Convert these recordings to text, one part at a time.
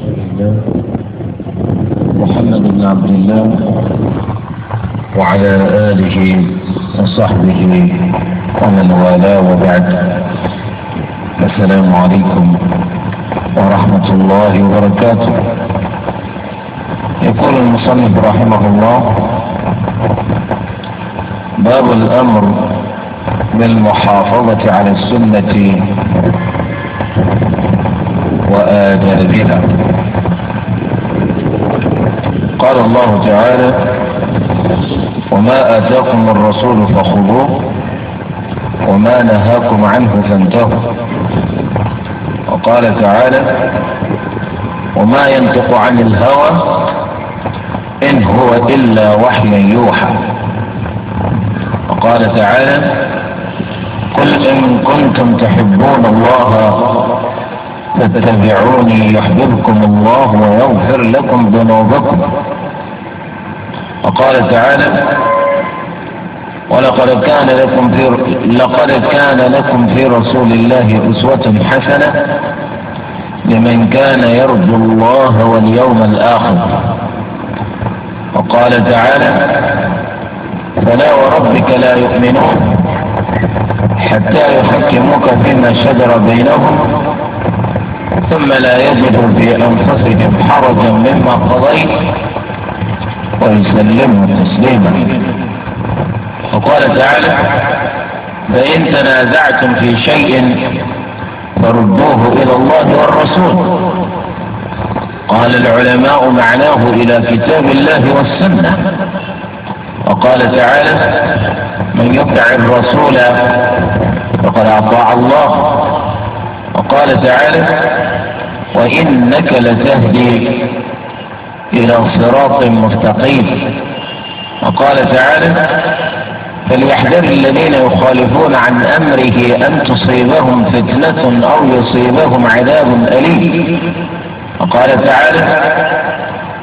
رسول الله محمد بن عبد الله وعلى آله وصحبه ومن والاه وبعد السلام عليكم ورحمة الله وبركاته يقول المصنف رحمه الله باب الأمر بالمحافظة على السنة وآدابها قال الله تعالى وما آتاكم الرسول فخذوه وما نهاكم عنه فانتهوا وقال تعالى وما ينطق عن الهوى إن هو إلا وحي يوحى وقال تعالى قل إن كنتم تحبون الله فاتبعوني يحببكم الله ويغفر لكم ذنوبكم وقال تعالى ولقد كان لكم في لقد كان لكم في رسول الله أسوة حسنة لمن كان يرجو الله واليوم الآخر وقال تعالى فلا وربك لا يؤمنون حتى يحكموك فيما شجر بينهم ثم لا يجدوا في أنفسهم حرجا مما قضيت ويسلمه تسليما وقال تعالى فإن تنازعتم في شيء فردوه إلى الله والرسول قال العلماء معناه إلى كتاب الله والسنة وقال تعالى من يطع الرسول فقد أطاع الله وقال تعالى وإنك لتهدي إلى صراط مستقيم وقال تعالى فليحذر الذين يخالفون عن أمره أن تصيبهم فتنة أو يصيبهم عذاب أليم وقال تعالى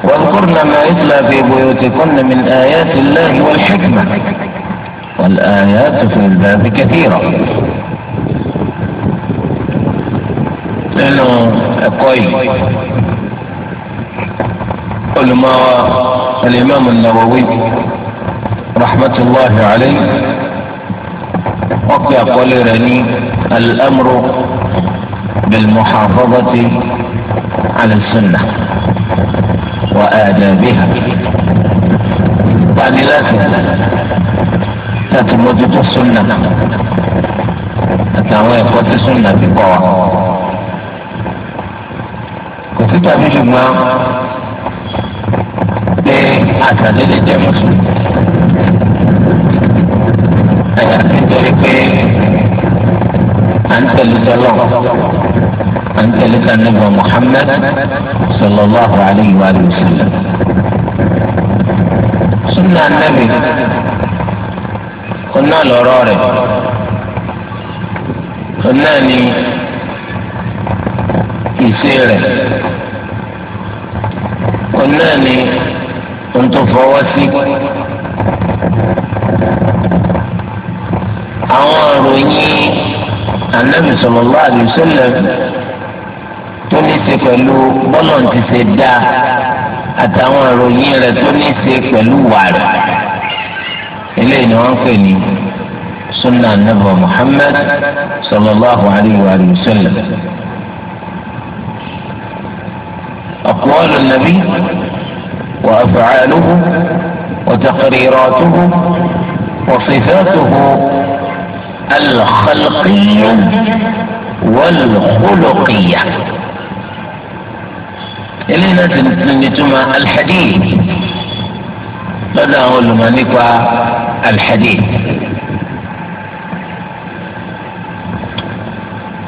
واذكرن ما يتلى في بيوتكن من آيات الله والحكمة والآيات في الباب كثيرة لأنه قوي نقل ما الإمام النووي رحمة الله عليه وقع قول رني الأمر بالمحافظة على السنة وآدابها يعني لا تتمدد السنة حتى هو ti السنة بقوة ko wa kò àṣà líle jẹ mùsùlùmí. ẹ̀yà nítorí pé à ń tẹ̀lé tọ́lọ̀ à ń tẹ̀lé sanibà Muhammad sallallahu alayhi wa sallam. sunna anabi ọ̀nà lọ́rọ̀ rẹ̀ ọ̀nà ni ìṣe rẹ̀ ọ̀nà ni. ohun tó fọwọ́ sí. àwọn ìròyìn anabi sallallahu alaihi wasallam tó ní í ṣe pẹ̀lú bọ́lọ̀ ti ṣe dáa àtàwọn ìròyìn rẹ̀ tó ní í ṣe pẹ̀lú wàrà eléyìí ni wọ́n pè ní sunna anabi muhammad sallallahu alaihi wasallam. أقوال النبي وأفعاله وتقريراته وصفاته الخلقية والخلقية إلينا تنتمى الحديث لدى هو ما نقع الحديث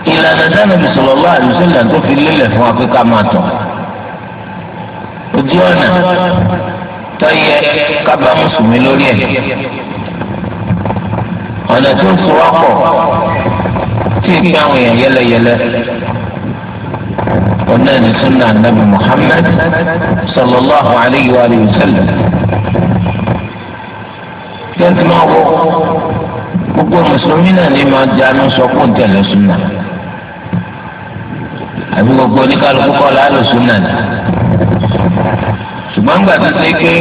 إلى أن النبي صلى الله عليه وسلم توفي الليلة فما في كاماته ojú ọ̀nà tó yẹ kábà mùsùlùmí lórí ẹ̀ ọ̀nà tó ń sọ̀rọ̀ pọ̀ tí ìpín àwọn èèyàn yẹlẹyẹlẹ ọ̀nà ní sunna nabi muhammad sallallahu alayhi wa sallam yẹtí máa wọ gbogbo mùsùlùmí náà ní máa jánu sọkún tẹ̀lé sunna àbí gbogbo oníkàlùkù kọ́ lálùsùn náà ṣùgbọ́n ńgbà tó ṣe pé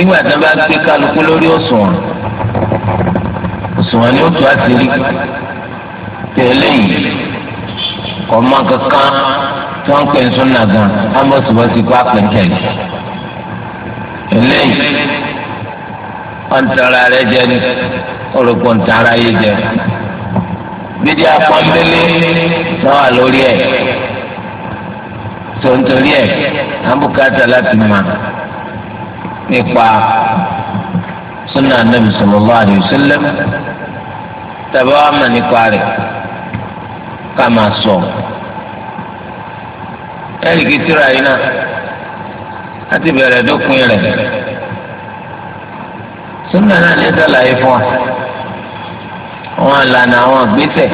ìgbà tó bá gbé kálukú lórí òṣùwọ̀n òṣùwọ̀n ni ó tó àṣírí tẹ̀lé yìí kọ́ mọ́ kankan tí wọ́n pè ń súnà gan ámọ̀sibọ́sí kó àpẹ̀tẹ̀lẹ̀ eléyìí wọ́n tara rẹ jẹ ní olùkọ́ ntara yìí jẹ bídí akọ́ńdélé náà wà lórí ẹ̀ tó ń torí ẹ̀ abúkátà láti mọ̀ nípa sunna anabi sallallahu alayhi wa sallam tàbí wàá mọ̀ nípa rẹ̀ ká máa sọ. ẹ̀ríkì tíra yìí náà láti bẹ̀rẹ̀ dópin rẹ̀ sunna náà ní sàlàyé fún wa wọn lànà àwọn gbèsè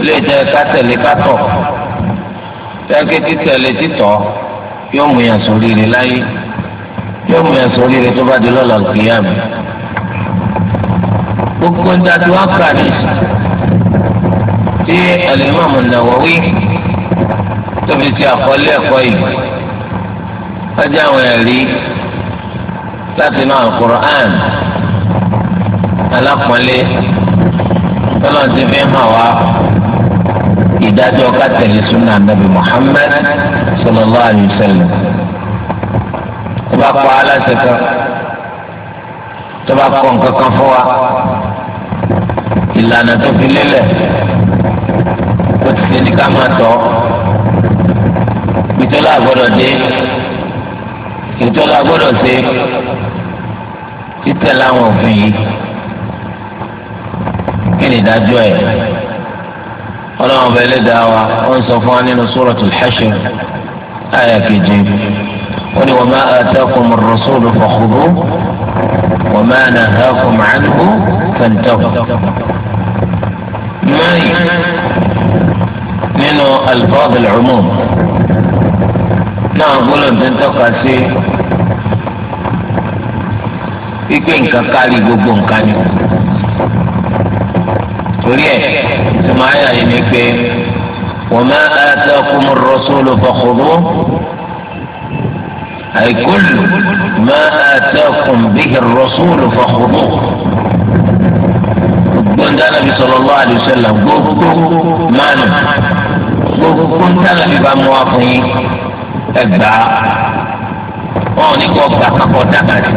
ilé ìjẹ kátẹ̀lé kátọ̀ tẹ́kẹ́ títẹ̀lé títọ́ yóò mú yàn sórí rẹ̀ láyé yóò mú yàn sórí rẹ̀ tó bá di lọ́la kìíyàmù. gbogbo nígbà tí tí Al-Imam nawawi tóbi ti àkọlé ẹ̀kọ́ yìí wọ́n jẹ́ àwọn ẹ̀rí láti náà Al-Qur'an alápọ̀nlé tọ́lọ́ ti fi hàn wá ìdájọ́ ká tẹ̀lé súnà nàbì Muhammad sallallahu alayhi wa sallam tó bá pa aláṣẹ kan tó bá kọ nǹkan kan fún wa ìlànà tó fi lélẹ̀ ó ti ṣe ní ká máa tọ́ ìtọ́lá gbọ́dọ̀ dé ìtọ́lá gbọ́dọ̀ ṣe títẹ̀ láwọn òfin yìí kí ni ìdájọ́ ẹ̀. ولما بين دعوة وانصفاني سورة الحشر آية في جيب قولي وما آتاكم الرسول فخذوه وما نهاكم عنه فانتهوا ما من ألفاظ العموم نعم قولوا انت انت قاسي يكون كاكالي قبون كاني torí ẹ̀ ìtumọ̀ ayé yìí ni pé wọ́n máa ń tẹ́ ọkùnrin mu rọ́ṣọ́lù fọ́kùrú àìkúlù máa ń tẹ́ ọkùnrin bíi rọ́ṣọ́lù fọ́kùrú. gbọ́ndà nàbí sallallahu alaihi wasallam gbogbo mánu gbogbo gbọ́ndà nàbí bá mú wa fún yín ẹgbàá wọn ò ní kó gbà kakọ̀ dákàtì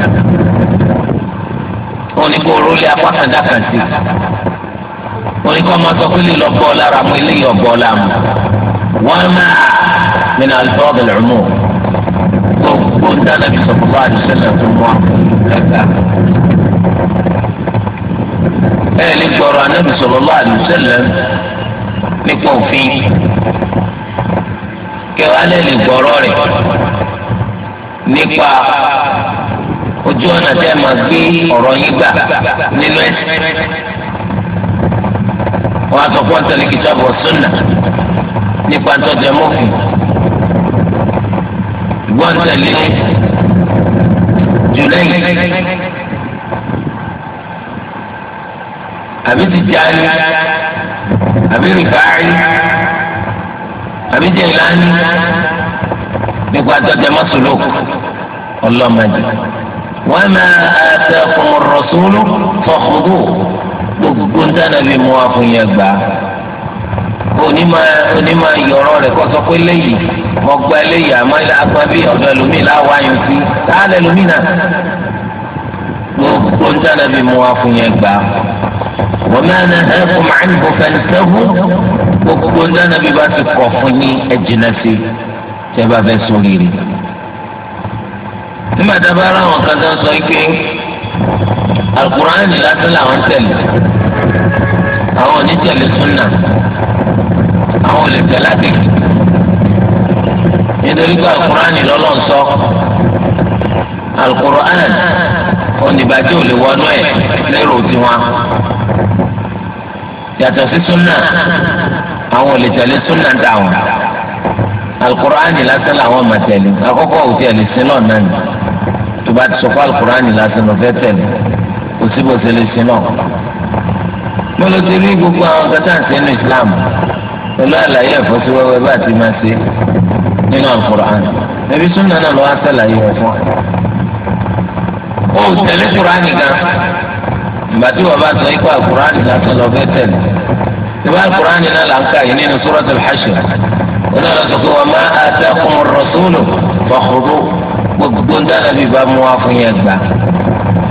wọn ò ní kó rólé apá kan dákàtì wọ́n ní kí wọ́n máa sọ pé lè lọ bọ́ lára mu eléyìí ọ̀bọ́ lára mu wọ́n máa nínú alifọ́ọ̀dù lọ́mọ́ gbogbo ń dáná bí sọ̀kúfà àdìsẹ́lẹ̀ tó mọ́ ẹ̀ka. ẹ lè gbọ́rọ̀ anábì sallallahu alaihi wasallam nípa òfin kẹwàá lè lè gbọ́rọ̀ rẹ̀ nípa ojú ọ̀nà tẹ́ máa gbé ọ̀rọ̀ yín gbà nínú ẹ̀sìn wọ́n á sọ fún ọ̀tẹ̀lẹ̀ kìtàbù ọ̀sùnà nípa tọ́jú ẹ̀mọ́fì ìgbọ́n tẹ̀lé jùlẹ́yìn àbí ti àbí rìfáàrí àbí jẹ̀láni nípa tọ́jú ẹ̀mọ́sùlù ọlọ́mọdé wọ́n máa àtẹ̀kùn rọ̀ṣúlù fọ̀kùnrù gbogbo ń dáná bíi mú wa fún yẹn gbà onímọ̀ onímọ̀ yọ̀rọ̀ rẹ̀ kọ́ sọ pé léyìí mo gba eléyìí àmọ́ àgbà bí ọ̀dọ̀ ẹlòmíì láwa yàn sí táàlẹ̀ ẹlòmíì náà gbogbo ń dáná bíi mú wa fún yẹn gbà wọ́n mẹ́rin ẹ̀ kò máa ń bọ̀ fẹ́ẹ́ sẹ́fún gbogbo ń dáná bíi bá ti kọ̀ fún yín ẹ̀ jìnnà sí tẹ́ bá fẹ́ sórí nígbà tá a bá ráwọn kan tó ń sọ ike alukur'an ni lásán làwọn tẹ̀lé àwọn oníjẹ̀lẹ̀ súnà àwọn olùfẹ́ láti nítorí pé alukur'ani lọ́lọ́run sọ alukur'an oníbàjẹ́ ò lè wọnú ẹ̀ lérò tiwọn yàtọ̀ sí súnà àwọn olùtẹ̀lé súnà ń dáhùn alukur'ani lásán làwọn máa tẹ̀lé àkọ́kọ́ òtẹ̀lé sílọ̀ náà ni tó bá ti sọ fún alukur'ani lásán lọ́fẹ́ tẹ̀lé òsibòsílẹ̀ sílọ̀ mo ló ti rí gbogbo àwọn kẹta àti ẹnu Islam pẹ̀lú àlàyé ẹ̀fọ́síwẹ́wẹ́ bá ti máa ṣe nínú Al-Qur'an ẹbí súnmọ́ náà lọ́wọ́ àṣàlàyé wọn fún ọ. ó tẹ̀lé kúránì gan ìgbà tí wọ́n bá sọ ikú àkùránì lásán lọ fẹ́ tẹ̀lé ìbá àkùránì náà là ń kà yìí nínú Suratul Hashr wọn náà sọ pé wọn máa atakumur rasulu fakhudhu gbogbo dáná bíi bá mú wa fún yẹn gbà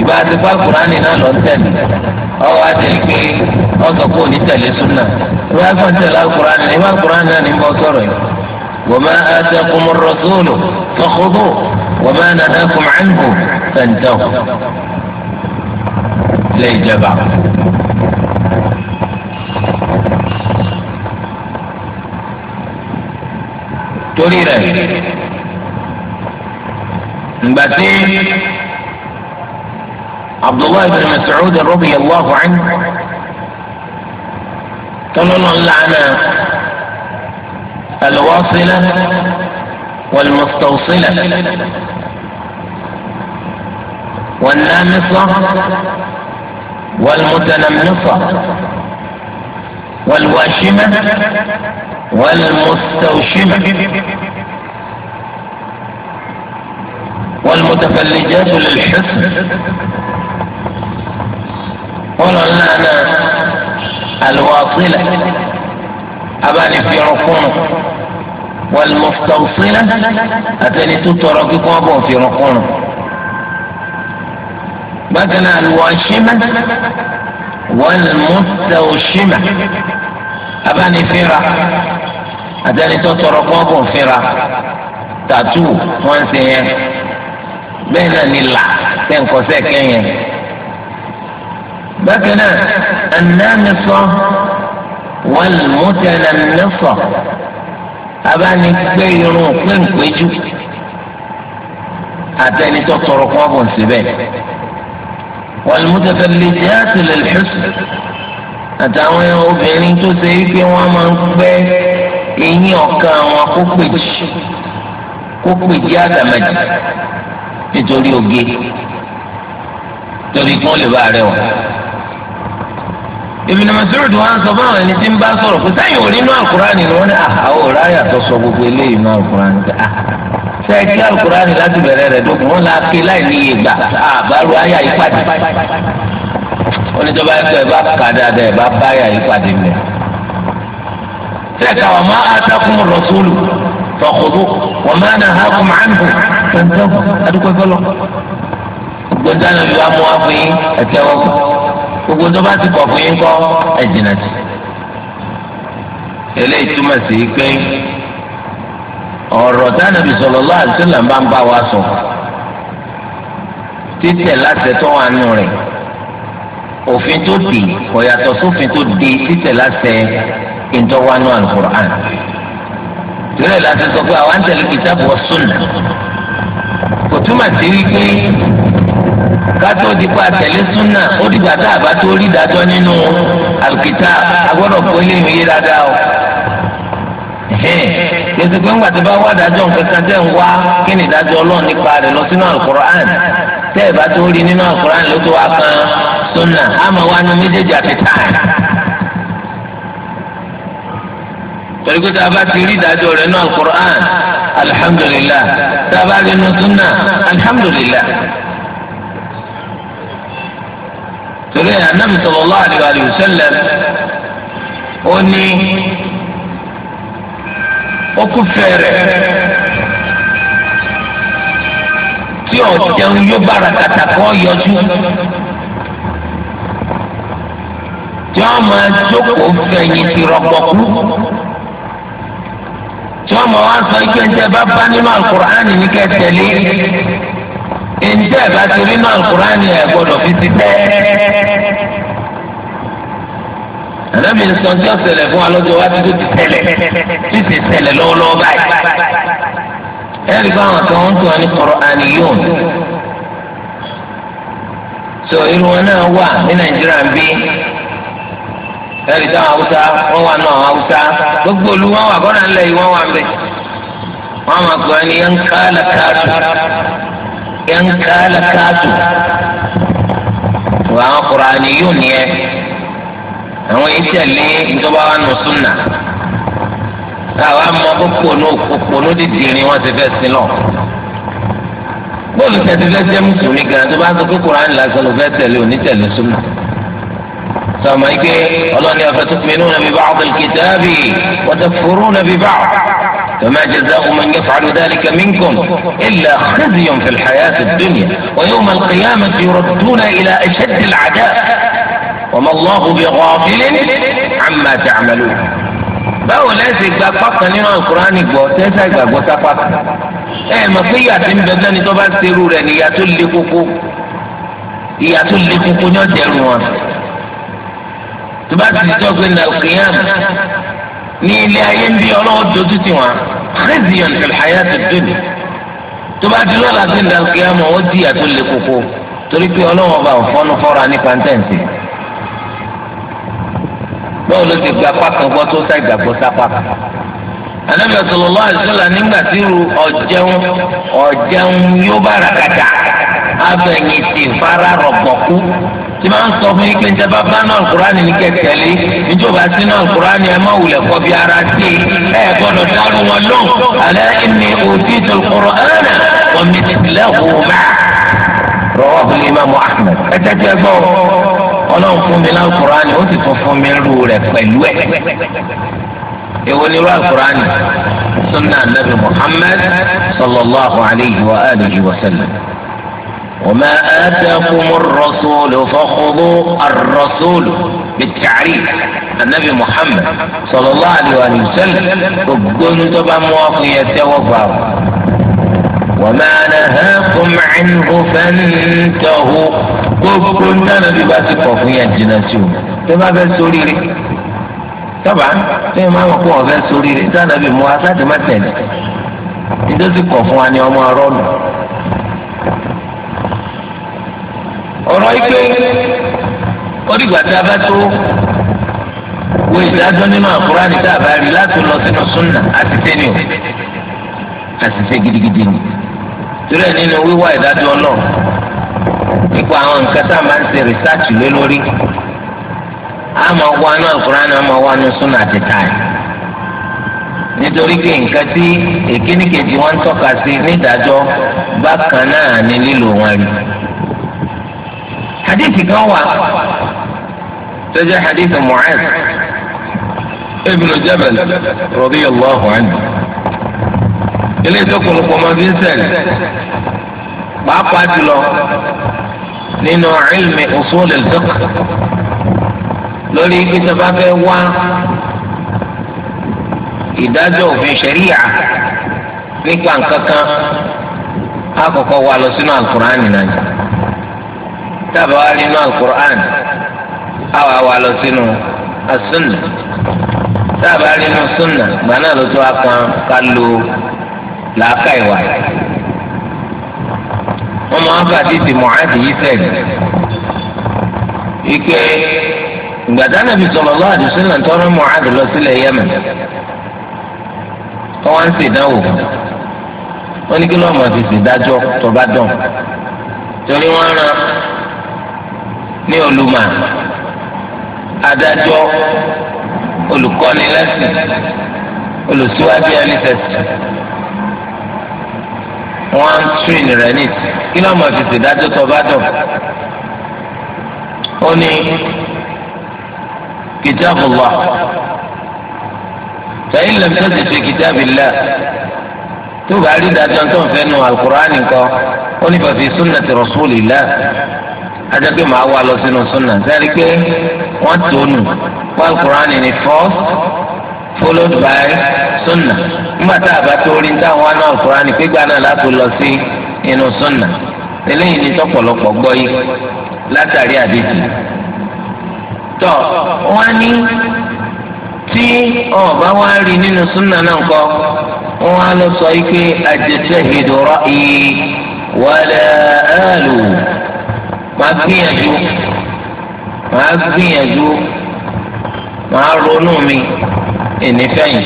ìbá àti ọwọ àti pé ọsọ kó ní tẹ̀lé súnà wọn á kàn tẹ̀lé alukur'an ní ìwà alukur'an náà ní bọ sọ̀rọ̀ yìí wàmà àtẹkùn rọsúlù fọkùdù wàmà nàdàkùn ànkù fẹntẹw lè jẹba. torí rẹ̀ ngbàtí. عبد الله بن مسعود رضي الله عنه قال الله لعن الواصلة والمستوصلة والنامصة والمتنمصة والواشمة والمستوشمة والمتفلجات للحسن ọlọ́nlànà àlùwàsílẹ̀ abánifirunkunrun wàlùmọ̀fọ̀sílẹ̀ àtẹni tó tọrọ kíkọ́ bọ̀ firunkunrun bákan náà àlùwàsímẹ̀ wàlùmọ̀tẹ̀ọ̀símẹ̀ abánifira àtẹni tó tọrọ kíkọ́ bọ̀ fira tàtú wọn ṣe yẹn bẹ́ẹ̀ náà ni là tẹ̀ ń bákan náà anánisọ wọn mọtẹlẹ nífọ abánigbé irun pínpéjú àtẹnitọ tọrọ kọ bọ síbẹ wọn mọtẹlẹ lẹjẹ àti lẹlẹsù àtàwọn obìnrin tó ṣe wípé wọn máa ń pẹ eyín ọkàn wọn kó péjì kó péjì àdàmẹjì nítorí oge torí kí wọn lè bá rẹwà. Ibn Mas'ud wa ń sọ fún àwọn ẹni tí ń bá sọ̀rọ̀ kò sẹ́yìn ò nínú àkùránì ni wọ́n ní ah, àwọn ò ráyà tó sọ gbogbo eléyìí nínú àkùránì ah, ṣe kí àkùránì láti bẹ̀rẹ̀ rẹ̀ dókun wọn la ké láì ah, ní iye gbà àbárò àyà ìpàdé oníjọba ẹgbẹ́ ẹ bá kà dáadáa ẹ bá bá àyà ìpàdé mẹ́ ṣe káwọn máa atakùn rọ̀sọ́lù fọ̀kọ̀dọ̀ wọ́n máa nà ha kùn máa ń bù adúgbò ẹgbẹ́ lọ gbọ̀ndánù gbogbo tó bá ti kọ̀ fún yín kọ́ ẹ̀ jìnnà sí. eléyìí túmọ̀ sí pé ọ̀rọ̀ tánàbì sallallahu alaihi wasallam ń bá wa sọ títẹ̀ láti tó wà nù rẹ̀ òfin tó dé kò yàtọ̀ sófin tó dé títẹ̀ láti ìdọ́wánú al-Qur'an tìrẹ̀ láti sọ pé àwọn àtẹ̀lé kìtàbù wa sunnah kò túmọ̀ sí wípé kátó dìgbà àtẹ̀lé súnà ó dìgbà tá a bá tó rí dájọ́ nínú àlùkìtà agbọ́dọ̀ kó ilé ìwé dáadáa o. gbèsè pé ńgbà tó bá wá dájọ́ nǹkan tẹ̀ ń wá kí ni dájọ́ ọlọ́run nípa rẹ̀ lọ sínú alukur'an tẹ́ ẹ̀ bá tó rí nínú alukur'an ló tó wá kan súnà àmọ́ wá ní méjèèjì àti táì. torí pé tá a bá ti rí dájọ́ rẹ̀ nínú alukur'an alihamdulilayi tá a bá rí nínú súnà alihamdulilayi. torí ẹ̀ anábì sallallahu alaihi wa sallam ó ní ó kú fẹ́rẹ̀ tí ò jẹun yóò bára kàtà kọ́ yọjú tí wọ́n máa jókòó fẹ̀yìn ti rọ̀gbọ̀kú tí wọ́n máa wá sọ ike ń tẹ́ bá bá nínú Al-Qur'ani ní kẹ́ ǹjẹ́ ẹ̀ bá ti rí náà kúránì ẹ̀ gbọ́dọ̀ fi ti tẹ́. Ànábì sọ ní ọ̀sẹ̀lẹ̀ fún alọ́jọ́ wa tó ti tẹ̀lẹ̀ tí ti tẹ̀lẹ̀ lọ́wọ́lọ́wọ́ báyìí. Ẹ̀rí bá kan ń tún Sọ irun wọn náà wà ní Nàìjíríà ń bí. Ẹ̀rí táwọn Haúsá wọ́n wà náà àwọn Gbogbo olú wọn wà ńlẹ̀ yìí wọ́n wà ń bẹ̀. Wọ́n máa gbọ́ in kala kaatu wà àwọn kùránì yóò ní ẹ àwọn ìtẹ̀lé ìjọba wa nù súnà àwọn amọ kókòónú kókòónú dídìrín wọn ti fẹ́ sílọ̀ bóòlù tẹ̀sí fẹ́ jẹ́ mùsùlùmí gan tó bá sọ pé kùránì lásán ló fẹ́ tẹ̀lé onítẹ̀lé súnà sọmọ ike ọlọ́ni afẹ́tukùnmí nù nàbí báwọ̀ kìtàbí wọ́n ti fòrò nàbí báwọ̀. فما جزاء من يفعل ذلك منكم إلا خزي في الحياة الدنيا ويوم القيامة يردون إلى أشد العذاب وما الله بغافل عما تعملون báwo lẹ́sìn gba pákan nínú alukurani gbọ́ tẹ́sà ìgbàgbọ́ sápá ẹ mọ̀ pé ìyá tí ń dọ́jọ́ ni tó bá serú rẹ̀ ni ìyá tó le koko ìyá tó le koko ní ọ̀dẹ̀rù wọn tó bá ti jọ́ pé nàìjíríà ní ilé ayé ń bí ọlọ́wọ́ dojú ti wọn xeziyan ìlhayà ti dùn tó bá di lọ́la sí ìdàkìyàmọ̀ ó di àtò lè koko torí pé ọlọ́wọ́ bá fọ́nú fọ́ra ní pàǹtẹ́ǹtì báwo ló ti gba pákan gbọ́ tó sá ìgbàgbọ́ sápá anabi sallallahu alaihi wasallam nígbà tí irú ọ̀jẹun ọ̀jẹun yóò bára kàdà abẹ̀yìntì fara rọ̀gbọ̀kú tí máa ń sọ fún yín pé njẹ́ bá bá náà alukurani ní kẹtẹ̀lé níjọba sí náà alukurani ẹ má wulẹ̀ kọ́ bí ara sí ẹ gbọ́dọ̀ dárú wọn lóhùn alẹ́ ẹni òbí tó kọ̀rọ̀ ẹ̀rẹ̀ wọ́n mi ti tilẹ̀ wò má. rọwọ́ fún mi máa mú ahmed ẹ tẹ́tí ẹ gbọ́ ọlọ́run fún mi náà alukurani ó sì tún fún mi rú rẹ̀ pẹ̀lú ẹ̀. èwo ni irú alukurani sunna anabi muhammad sallallahu alayhi wa alihi wa sallam. وما آتاكم الرسول فخذوا الرسول بالتعريف النبي محمد صلى الله عليه وسلم ربنا تبا مواقية وفاو وما نهاكم عنه فانتهوا ربنا نبي باتي قفية جناسيون تبا بسوري tọ́ba tẹ́yìn máa mọ̀ pé ọ̀fẹ́ sórí rẹ̀ sáà nàbì mú ọ̀rọ̀ ike ọdígbà tí a bá tó wo ìdájọ́ nínú àkùránì tá a bá rí láti lọ sínú súnà àti gidigidi ni torí nínú wíwá ìdájọ́ náà nípa àwọn nǹkan tá a máa ń ṣe rìsáàtì lé lórí a máa wá ní àkùránì a máa wá ní súnà àti táì nítorí hadith kan wà tẹ́jẹ́ hadith Mu'adh ibn Jabal radiyallahu anhu ilé ìtọ́kùnrin ọmọ vincent pàápàá jùlọ nínú ilmi usul al-fiqh lórí ìjọba fẹ́ wá ìdájọ́ òfin ṣẹ̀ríyà nípa nǹkan kan á kọ́kọ́ wá lọ sínú al-Qur'an nìyẹn dábàá wá nínú alukur'an àwa wà lọ sínú asúnà dábàá nínú súnà gbà náà ló tó wá kan ká lo làákà ìwà yìí wọn máa ń fàdí ti mọ̀ádì yìí sẹ́yìn ike ìgbàdá nàbì sallallahu alaihi wasallam tọrọ mọ̀ádì lọ sílẹ̀ Yemen wọn wá ń ṣèdánwò wọn ní kí lọ́mọ ti ṣèdájọ́ tó bá dán torí wọn rán ní olùmọ̀ adájọ́ olùkọ́ni lẹ́sìn olùsíwájú ẹni tẹ̀sán wọn á ń tún rẹ ní ìsìn kí ló máa fi ṣèdájọ́ tó bá dùn ó ní kitabullah fẹ́yìn lẹ́mí tó ti ṣe kitabillah tó bá rí dájọ́ tó ń fẹ́ nu alukur'an nìkan ó ní bàbí sunnati rasulillah. ajá pé màá wà lọ sínú súnà sẹ́rí pé wọ́n tó wọ́n Quran ni first followed by súnà nígbà tá a bá tó rí táwọn aná Quran pé gbà náà láti lọ sí ni yìí látàrí àdéjì tọ wọ́n ní tí ọba wa rí nínú súnà náà kọ wọn á lọ sọ yìí pé àjẹsẹ ìdúró màá gbìyànjú màá gbìyànjú màá ronú mi ìnífẹ̀yìn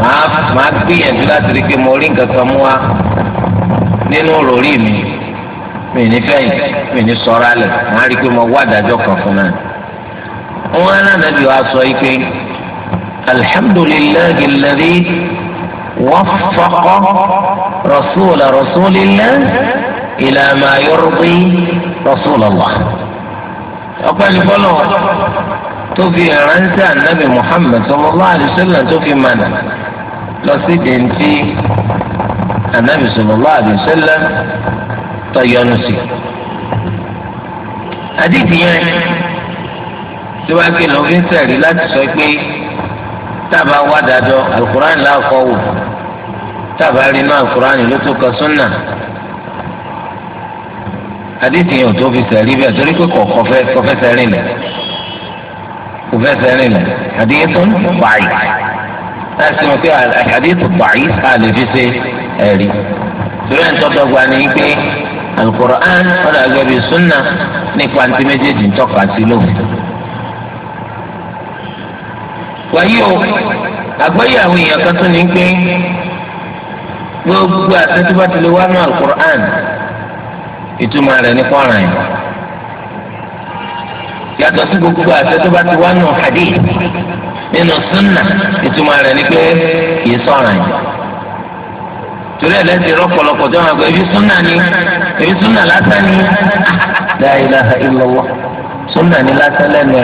màá màá gbìyànjú láti rí i pé mo rí nǹkan kan mú wa nínú ròrí mi mi nífẹ̀yìn mi ní sọ̀rọ̀ alẹ̀ màá rí i pé mo wá àdájọ́ kan fún náà. wọn alánàbí wa sọ yìí pé alhamdulilayi alladhi waffaqa rasúlà rasúlillah ila ma yurdi rasulullah ọpẹ́ ní fọlọ́ tó fi ránṣẹ́ ànábì muhammed sallallahu alaihi wasallam tó fi mànà lọ sí dèntì ànábì sallallahu alaihi wasallam tó yọ́nú sí. àdìdì yẹn tí wàá kí lọ́ọ́ fi ń sẹ̀rí láti sọ pé tábà wá dájọ́ alukur'an láàkọ́ wò tábà rí náà alukur'an ló tó kọ súnà àdìsí yẹn ò tó fi sẹ̀rí bẹ́ẹ̀ torí pé kọ̀ kọfẹ́ sẹ́rìn lẹ̀ kọfẹ́ sẹ́rìn lẹ̀ àdìyẹ tó ń bàyì láti mọ̀ pé àdìyẹ tó bàyì á lè fi ṣe ẹ̀rí torí ẹ̀ ń tọ́dọ̀gba ni pé alukur'an ọ̀dọ̀ àgbẹ̀bí sunna nípa ntí méjèèjì ń tọ́ka sí lóhùn. wáyé o àgbáyé àwọn èèyàn kan tó ní pé gbogbo àtẹ́tí bá ti lè wá nù alukur'an. ìtumọ̀ rẹ̀ ní kọ́ran yìí yàtọ̀ sí gbogbo àṣẹ tó bá ti wá nù hadith nínú súnà ìtumọ̀ rẹ̀ ní pé kìí sọ̀ràn yìí torí ẹ̀ lẹ́sìn rọ́pọ̀lọpọ̀ tó wọn ebi súnà ni ebi súnà lásán ni la ilaha illallah súnà ni lásán lẹ́nu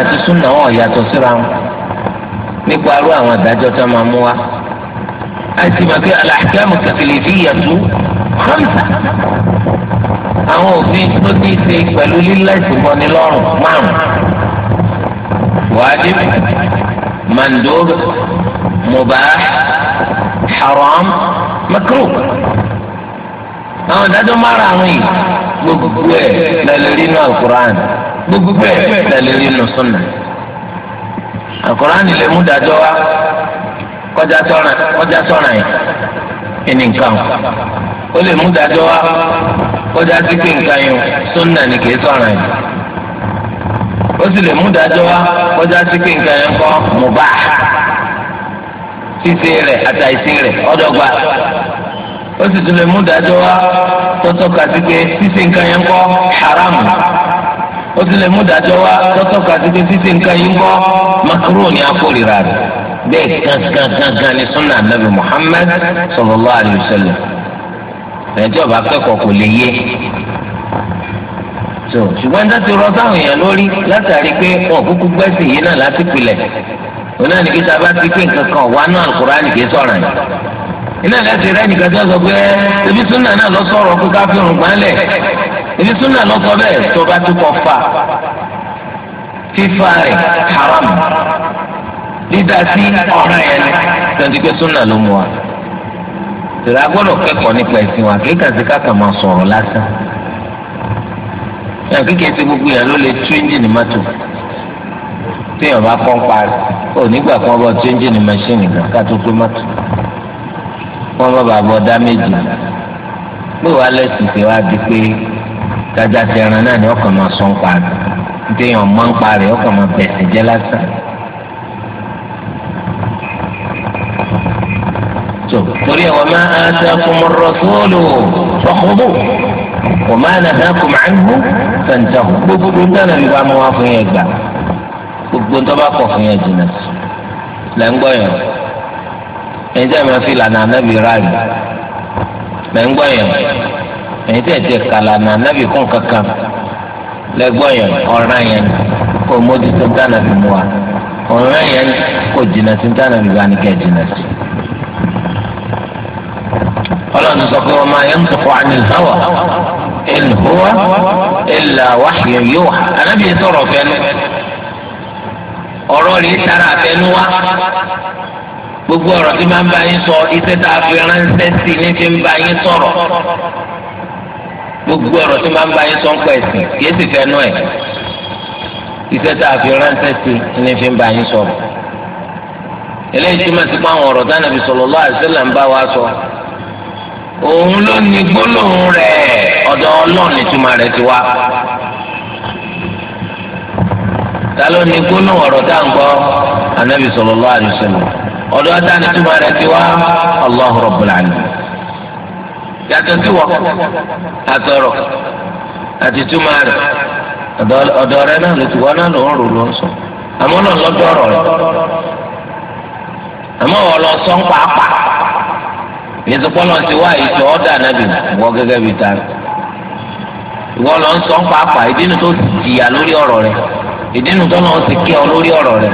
ẹ̀ súnà wọn yàtọ̀ síra wọn nípa àwọn àdájọ́ tó máa أتبا فيها الأحكام التكليفية خمسة أو في سبتي في قالوا لله سبحان الله معهم واجب مندوب مباح حرام مكروه هذا ما رأيي بقوة للرين القرآن بقوة للرين السنة القرآن اللي مدى جواب kọjá sọ́nà kọjá sọ́nà ẹni nǹkan o lè mú dájọ́ wá kọjá sí pé nǹkan yẹn sọ́nà ni kì í sọ̀ràn yẹn sì lè mú dájọ́ wá kọjá sí pé nǹkan yẹn kọ́ mùbá ṣíṣe rẹ̀ àtàìṣe rẹ̀ ọ̀dọ́gba sì tún lè mú dájọ́ pé bẹ́ẹ̀ gangan gangan ni sunna anabi sallallahu alayhi wa sallam ọba akẹ́kọ̀ọ́ kò lè yé so ṣùgbọ́n dá ti rọ sáwọn èèyàn lórí látàrí pé wọn kúkú gbẹ́sìn yìí náà láti pilẹ̀ wọn sábà ti pín kan wà nù Al-Qur'ani sọ̀rọ̀ yìí iná láti rẹ nìkan tí wọn sọ pé ebi sunna náà sunna lọ sọ bẹ́ẹ̀ tó bá tó haram. dídá sí ọ̀ràn yẹn ni tẹ̀sí pé súnà ló mú wa tẹ̀lé agbọ́dọ̀ kẹ́kọ̀ọ́ nípa ẹ̀sìn wa kéka sí káka máa sọ̀rọ̀ lásán yàrá kékeré tí gbogbo yẹn ló lè tú ẹ́ńjìnì mọ́tò téèyàn bá kọ́ ń parí ó nígbà kan bọ́ tú ẹ́ńjìnì mẹ́ṣíìnì gan ká tó tó mọ́tò wọ́n bá bàbá bọ́ méjì pé wàá lẹ́sìn tí wàá di pé dájà ti ẹran náà ni ọkàn máa sọ ń parí téèyàn máa ń parí ọkàn máa bẹ̀sẹ̀ jẹ́ lásán. torí àwọn máa ń ta kùmọ̀ rọ̀sọ́ọ̀lù fọ́kùnbù wọ́n máa ń ta kùmọ̀ àìbù fẹ̀ǹtà gbogbo tó dáná ní bámu wá fún yẹn gbà gbogbo tó bá kọ̀ fún yẹn jìnnà sí lẹ́ ń gbọ́ yẹn ẹ̀yin tẹ́ máa fi lànà ànábì ráàlì lẹ́ ń gbọ́ yẹn ẹ̀yin tẹ́ tẹ́ ka lànà ànábì kún kankan lẹ́ gbọ́ yẹn ọ̀ràn yẹn kò mójútó dáná fi mú wa ọ̀ràn yẹn kò jìnnà sí dáná fi bá ní kẹ́ jìnnà sí ọlọ́run sọ pé wa ma yantiqu anil hawa in huwa illa wahyun yuha anábì sọ̀rọ̀ fẹ́nu ọ̀rọ̀ rẹ̀ tara fẹ́nu wá gbogbo ọ̀rọ̀ tí máa ń bá yín sọ iṣẹ́ tá a fi ránṣẹ́ sí ní fi ń bá yín sọ̀rọ̀ gbogbo ọ̀rọ̀ tí máa ń bá yín sọ ń pẹ̀ sí kìí sì fẹ́nu ẹ̀ iṣẹ́ tá a fi ránṣẹ́ sí ní fi ń bá yín sọ̀rọ̀ eléyìí túmọ̀ sí pé àwọn ọ̀rọ̀ tí òun ló ní gbólóhùn rẹ̀ ọ̀dọ̀ ọlọ́ọ̀ni túmọ̀ rẹ̀ ti wá. ta ló ní gbólóhùn ọ̀rọ̀ tá à ń sọlọ anabi sallallahu alaihi wasallam ọ̀dọ̀ ọ̀dáni ti wá Allahu Rabbul yàtọ̀ sí wọ àtọ̀rọ̀ àti túmọ̀ rẹ̀ ọ̀dọ̀ rẹ̀ náà ló ti wá náà lòún rò ló ń sọ àmọ́ náà lọ́dọ̀ ọ̀rọ̀ àmọ́ ìyẹn pọlọ ti wá ìṣọ ọdà nàbì wọ gẹ́gẹ́ bíi ta ìwọ lọ ń sọ pàápàá ìdínú tó ti jìyà lórí ọ̀rọ̀ rẹ̀ ìdínú tó náà ti kí ọ lórí ọ̀rọ̀ rẹ̀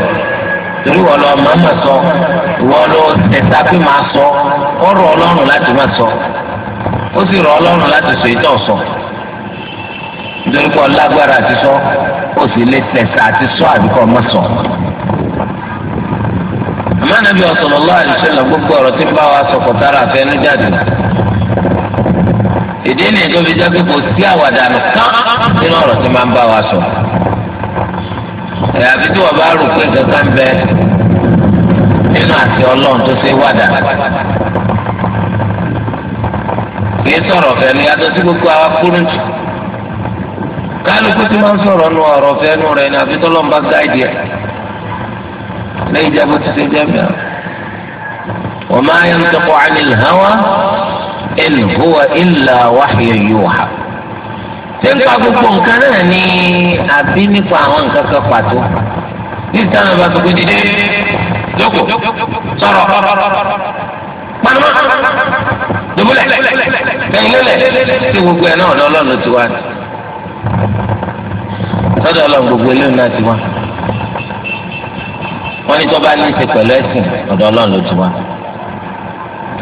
torí wọ lọ màmá sọ ìwọ lọ ẹsà pé máa sọ ó rọ Ọlọ́run láti má sọ ó sì rọ Ọlọ́run láti sọ ìtọ sọ nítorí pé ọlágbára àti sọ ó sì lè tẹsà àti sọ àbíkọ má sọ. Ànábì na alaihi wasallam gbogbo ọ̀rọ̀ tí bá wa sọ̀kọ̀ tára jáde. ìdí ni tó fi kò sí àwàdà nìkan nínú tí máa ń bá wa sọ. ẹ bí tí wọ́n bá rò pé kankan bẹ nínú àti tó gbogbo àwa kúrú jù. kálukú máa ń nu ni àfi lẹ́yìn jẹ́ bó ti ṣe jẹ́ bẹ́ẹ̀. wọ́n máa yẹn tó kọ́ ànil hawa in huwa illa wahyu yuha. ṣé nípa gbogbo nǹkan náà ni àbí nípa àwọn nǹkan kan pàtó ní sáà bá tó kó dídé jókòó sọ̀rọ̀ panama dùbúlẹ̀ kẹ́yìnlélẹ̀ tí gbogbo ẹ̀ náà lọ́lọ́run ti wá. sọ́dọ̀ ọlọ́run gbogbo eléyìí náà ti wá wọ́n ní tó bá ní í ṣe pẹ̀lú ẹ̀sìn ọ̀dọ̀ ọlọ́run ló ti wá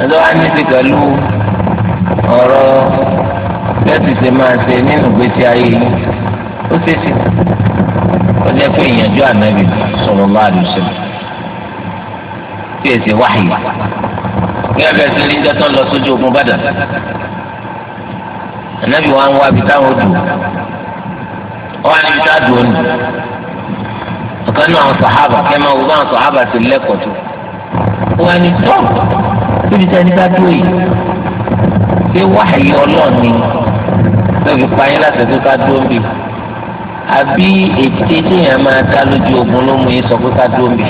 ẹ̀dọ́ wa ní í ṣe pẹ̀lú ọ̀rọ̀ bẹ́ẹ̀sì ṣe máa ṣe nínú ìgbésí ayé yìí ó ṣe é ṣe ó jẹ́ pé ìyànjú ànábì sallallahu alaihi wasallam kí èsì wáyé kí ẹ bẹ̀rẹ̀ sí ní ìjọ tó ń lọ sójú ogun bàdà ànábì wa ń wá ibi táwọn dùn ó wá níbi táwọn dùn ó nù ọ̀kan náà àwọn sàhábà ẹ máa wo bá àwọn sàhábà ti lẹ́kọ̀ọ́ tó wọn ni tó níbi tí ẹni bá dúró yìí ṣé wáhàyí ọlọ́ọ̀ni lọ́ọ́ fi pa yín láti ẹ̀dọ́ ká dúró bì àbí ètè téèyàn máa dá lójú ogun ló mú yín sọ pé ká dúró bì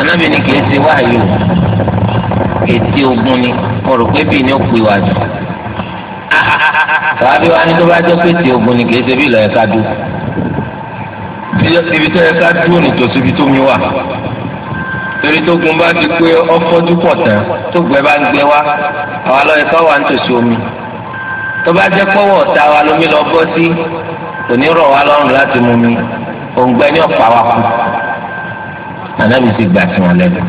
anábì ni kìí ṣe wáhàyí o ètè ogun ni mo rò pé bí ni ó pè wájú tàbí wá ní tó bá jẹ́ pé ètè ogun ni kìí ṣe bí ìlọ dúró ibi tó yẹ ká dúró nítòsí ibi tó mi wà torí tó gun bá di pé ọfọdún pọ̀ tán tó gbẹ bá ń gbẹ wá àwa lọ yẹ ká wà nítòsí omi tó bá jẹ́ pọ́wọ́ ọ̀tá wa lómi lọ bọ́ sí kò ní rọ̀ wá láti mú mi òǹgbẹ ní ọ̀pá wa kú ànábì sì gbà sí wọn lẹ́nu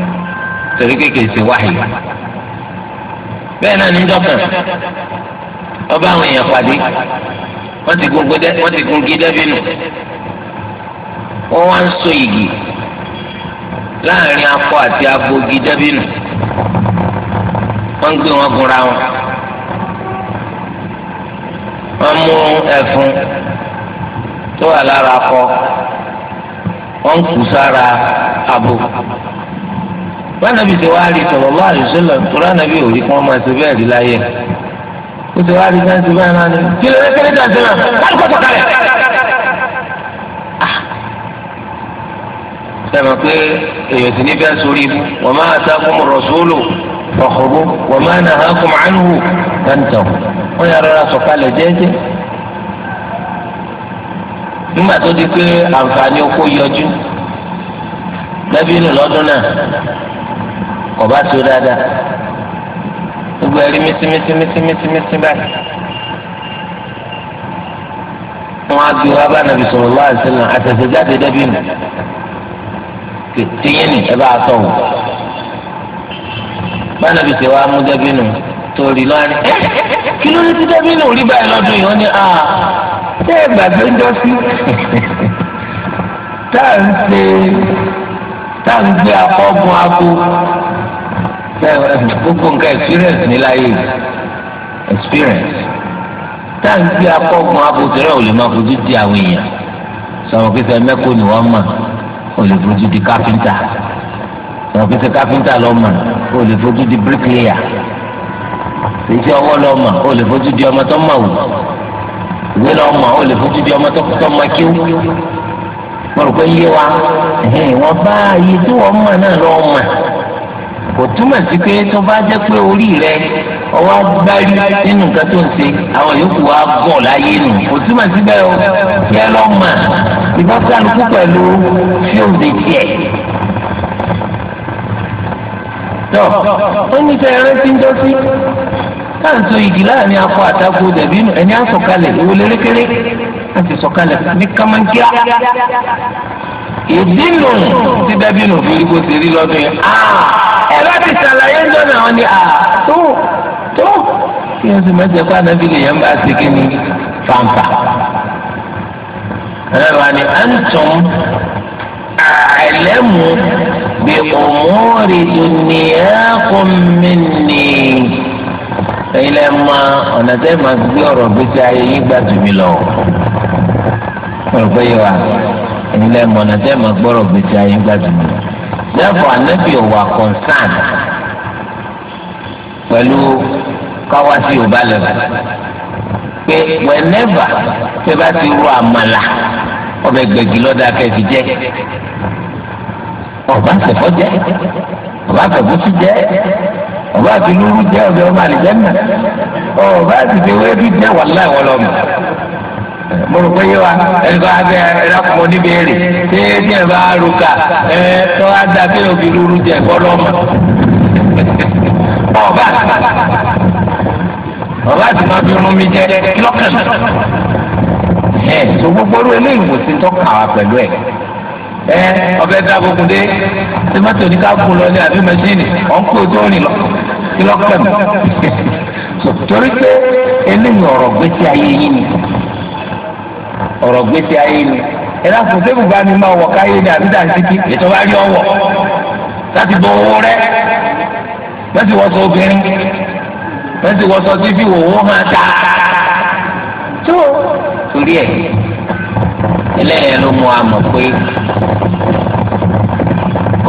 torí kékeré ṣe wáyé bẹ́ẹ̀ náà ní dọ́kàn ọba àwọn èèyàn pàdé wọ́n ti gun gídẹ́bí nù wọ́n wá ń so igi láàrin akọ àti abogi dẹ́bìnù wọ́n ń gbé wọn gunra wọn wọ́n mú ẹ̀fun tó wà lára akọ wọ́n kù sára abo bánàbí ti wá rí sallallahu alaihi wasallam tóra nàbí òrí kí wọ́n máa ṣe bẹ́ẹ̀ rí láyé ó ti wá rí sáńsì báyìí náà ni kí ló dé kí ló dé náà wọ́n kọ́ sọ̀kalẹ̀. sẹ́mi pé èyàn ti ní bẹ́ẹ̀ sórí ibú wọ́n máa ta fún rọ̀ṣúlù ọ̀kọ̀bó wọ́n máa nà á fún àánú dáńtọ̀ wọ́n yà rọra sọ̀kalẹ̀ jẹ́jẹ́. nígbà tó di pé àǹfààní oko yọjú lẹ́bí lọ́dún náà kò bá tó dáadáa gbogbo ẹ̀rí mísímísímísímísí báyìí wọn á gbé wa bá nàbì sọ̀rọ̀ lọ́wọ́ àti sẹ́lẹ̀ àtẹ̀sẹ̀jáde dẹ́bí nù kìtìyìn ni ẹ bá a tọ̀ wò báyìí nàbí ṣe wá mú dẹ́bí nù torí lọ́rin kí ló ní ti dẹ́bí nù rí báyìí lọ́dún yìí wọ́n ní à ṣé ẹ gbàgbé ń jọ sí tá à ń ṣe tá à ń gbé akọ́gun abo gbogbo nǹkan experience ní láyé experience tá à ń gbé akọ́gun abo tẹ́lẹ̀ ò lè máa fojú di àwọn èèyàn sọ̀rọ̀ kí sẹ́ mẹ́kọ̀ọ́ ni wọ́n mọ̀ o lè fojú di káfíńtà wọn fi ṣe káfíńtà lọ mọ o lè fojú di bíríkìlìyà ìṣe ọwọ́ lọ mọ o lè fojú di ọmọ tó mọ̀ ìwé lọ mọ o lè fojú di ọmọ tó tó mọ kíw wọn rò pé yé wa wọn bá iye tí wọn mọ náà lọ mọ kò túmọ̀ sí pé tó bá jẹ́ pé orí rẹ ọwọ́ agbárí nínú nǹkan tó ń ṣe àwọn yòókù wa gọ̀ láyé nù kò túmọ̀ síbẹ̀ o yẹ lọ́ ìbọn kálukú pẹ̀lú fíòmù tiẹ̀. tó ó ní sẹ́yìn rántí ń dọ́sí káàntó igi láàrin akọ àtàkùn dẹ̀bí nù ẹni àsọ̀kalẹ̀ ìwò lérékéré àti sọ̀kalẹ̀ ní kàmáńkíá. ìdí nù ti dẹ̀bí nù fi kó ti rí lọ́dún yẹn. ẹ bá ti ṣàlàyé ń dọ́nà wọn ni tó tó kí n sì mẹ́tẹ̀ẹ́ kó ànábìlì yẹn bá ṣe kí ni fàǹfà ẹ̀rọ ni antum àlẹ́mu bí òmùrì dùnìyàkùn minni ẹ̀yin lẹ́ mọ ọ̀nà tẹ́ máa gbé ọ̀rọ̀ gbèsè ayé yín gbà jù mí lọ. ọ̀rọ̀ pé yẹ wa ẹ̀yin lẹ́ mọ gbèsè ayé yín gbà lọ. therefore anabi ọ̀wà concern pẹ̀lú káwá sí pé whenever pé bá ti rú àmàlà ọbẹ̀ gbẹ̀gì lọ́dà kẹfì jẹ́ ọba àtẹ̀fọ́ jẹ́ ọba àtẹ̀fọ́sí jẹ́ ọba àtìlúrú jẹ́ ọbẹ̀ ọba àlìjẹ́nà ọba àtìlúwé bí jẹ́ wàhálà ìwọlọ́mù mo rò pé yé wa ẹnìkan abẹ ẹlẹ́kùn oníbèrè ṣé díẹ̀ bá ruka ẹ tọ́ adá bí òbí lúrú jẹ bọ́lọ́mù ọba ọba àti máa rún mi jẹ lọ́kàn ẹ tó gbogbo orú eléyìí wò sí tó kà wá pẹ̀lú ẹ ẹ ọbẹ̀ dá gbogbo dé tomato ní ká kú lọ ní àbí mẹsìnì ọ̀n kú tó rìn lọ kí lọ pẹ̀ mọ́ torí pé eléyìí ọ̀rọ̀ gbèsè ayé yìí ni ọ̀rọ̀ gbèsè ayé ni ẹ láti fún bá mi máa wọ̀ káyé ní àbí dàńsíkì ètò bá rí ọwọ́ láti bọ owó rẹ wọ́n ti wọ́sọ obìnrin wọ́n ti wọ́sọ sífì òwò hàn tààrà tó torí ẹ̀ ẹlẹ́yìn ló mú amọ̀ pé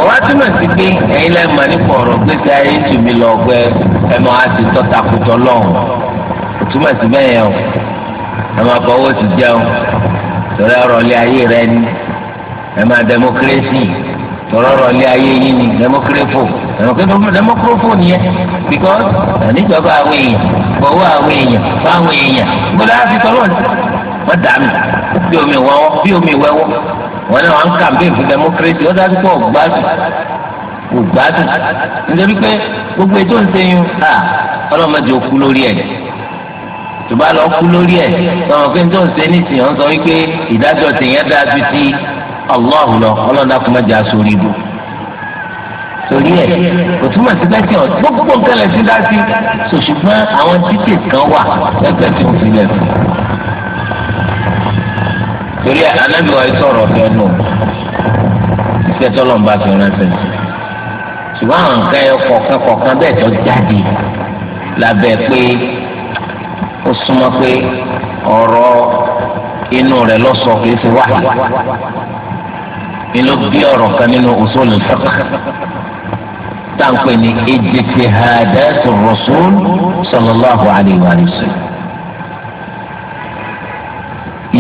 ọ̀wá túmọ̀ sí pé ẹ̀yin lẹ́ mọ̀ nípa ọ̀rọ̀ gbèsè ayé jù mí lọ ọgbẹ́ ẹnu àti tọ́takùtọ̀ lọ́hùn túmọ̀ sí bẹ́ẹ̀ yẹn o ẹ máa fọwọ́ sí jẹun torí ọ̀rọ̀ ilé ayé rẹ ni ẹ máa dẹmọkírésì torí ọ̀rọ̀ ilé ayé yín ni dẹmọkírésì dẹmọkírésì nìyẹn because níjọba àwọn èèyàn fọwọ́ àwọn èèyàn fáwọn èèyàn gbọ́dọ̀ á fi tọ́lọ́ wọ́n dà mí bí omi wọ́wọ́ bí omi wẹ́wọ́ wọ́n náà wọ́n ń kàmpé fún democracy ó dájú pé ògbádùn ògbádùn nítorí pé gbogbo ètò ìsẹ́yìn à ọlọ́mọdé òkú lórí ẹ̀ tùbá lọ kú lórí ẹ̀ tọ̀wọ̀n pé nítorí ìsẹ́yìn nìsín ọ̀n sọ wípé ìdájọ́ tèèyàn dáa ju ti ọlọ́ọ̀hún lọ ọlọ́dà kò má jà sórí ibù torí ẹ kò túmọ̀ sí bẹ́ẹ̀ tí ọ̀ gbogbo nǹkan lẹ̀ dá sí ṣùgbọ́n àwọn títì kan wà lẹ́gbẹ̀ẹ́ tí wọ́n fi fún un torí ànábì wa sọ̀rọ̀ fẹ́ nù iṣẹ́ tọ́lọ̀ ń bá fi ránṣẹ́ ṣùgbọ́n àwọn nǹkan ẹ̀ kọ̀ọ̀kan kọ̀ọ̀kan bẹ́ẹ̀ tó jáde lábẹ́ pé ó súnmọ́ pé ọ̀rọ̀ inú rẹ̀ lọ́sọ̀ kìí ṣe wá inú bí ọ̀rọ̀ kan nínú usul al-fiqh táǹpẹ̀ ní ijtihadatur rasul sallallahu alayhi wa sallam.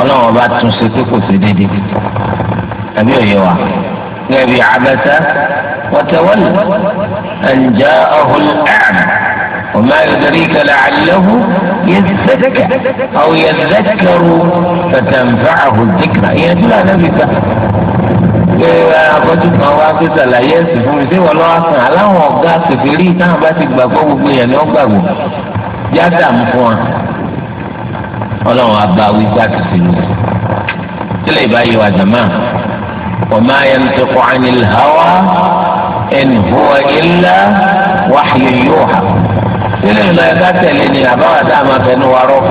ọlọ́run ọba tún ṣe pé kò sí dédé tàbí òye wa gẹ́gẹ́ bí abẹ́sẹ́ wọ́tẹ́wọ́lì ẹ̀ǹjẹ́ ọ̀hún ẹ̀ẹ́m وما يدريك لعله يذكر أو يذكر فتنفعه الذكرى يعني لا نبي pé abọ́jú kan wá pé sàlàyé ẹ̀sìn fún mi síwọ́n lọ́wọ́ sàn aláwọn ọ̀gá kẹfìrí táwọn bá ti gbàgbọ́ gbogbo yẹn ni wọ́n gbàgbọ́ yá dààmú fún wa ọlọ́run abá wí gbá títí nù. tílẹ̀ ìbáyé wa jàmá wa ma yantiqu anil hawa in huwa illa wahyun yuha. tílẹ̀ ìlọ́yẹ̀ ká tẹ̀lé ni àbáwá tá a máa fẹnu wa rọ̀.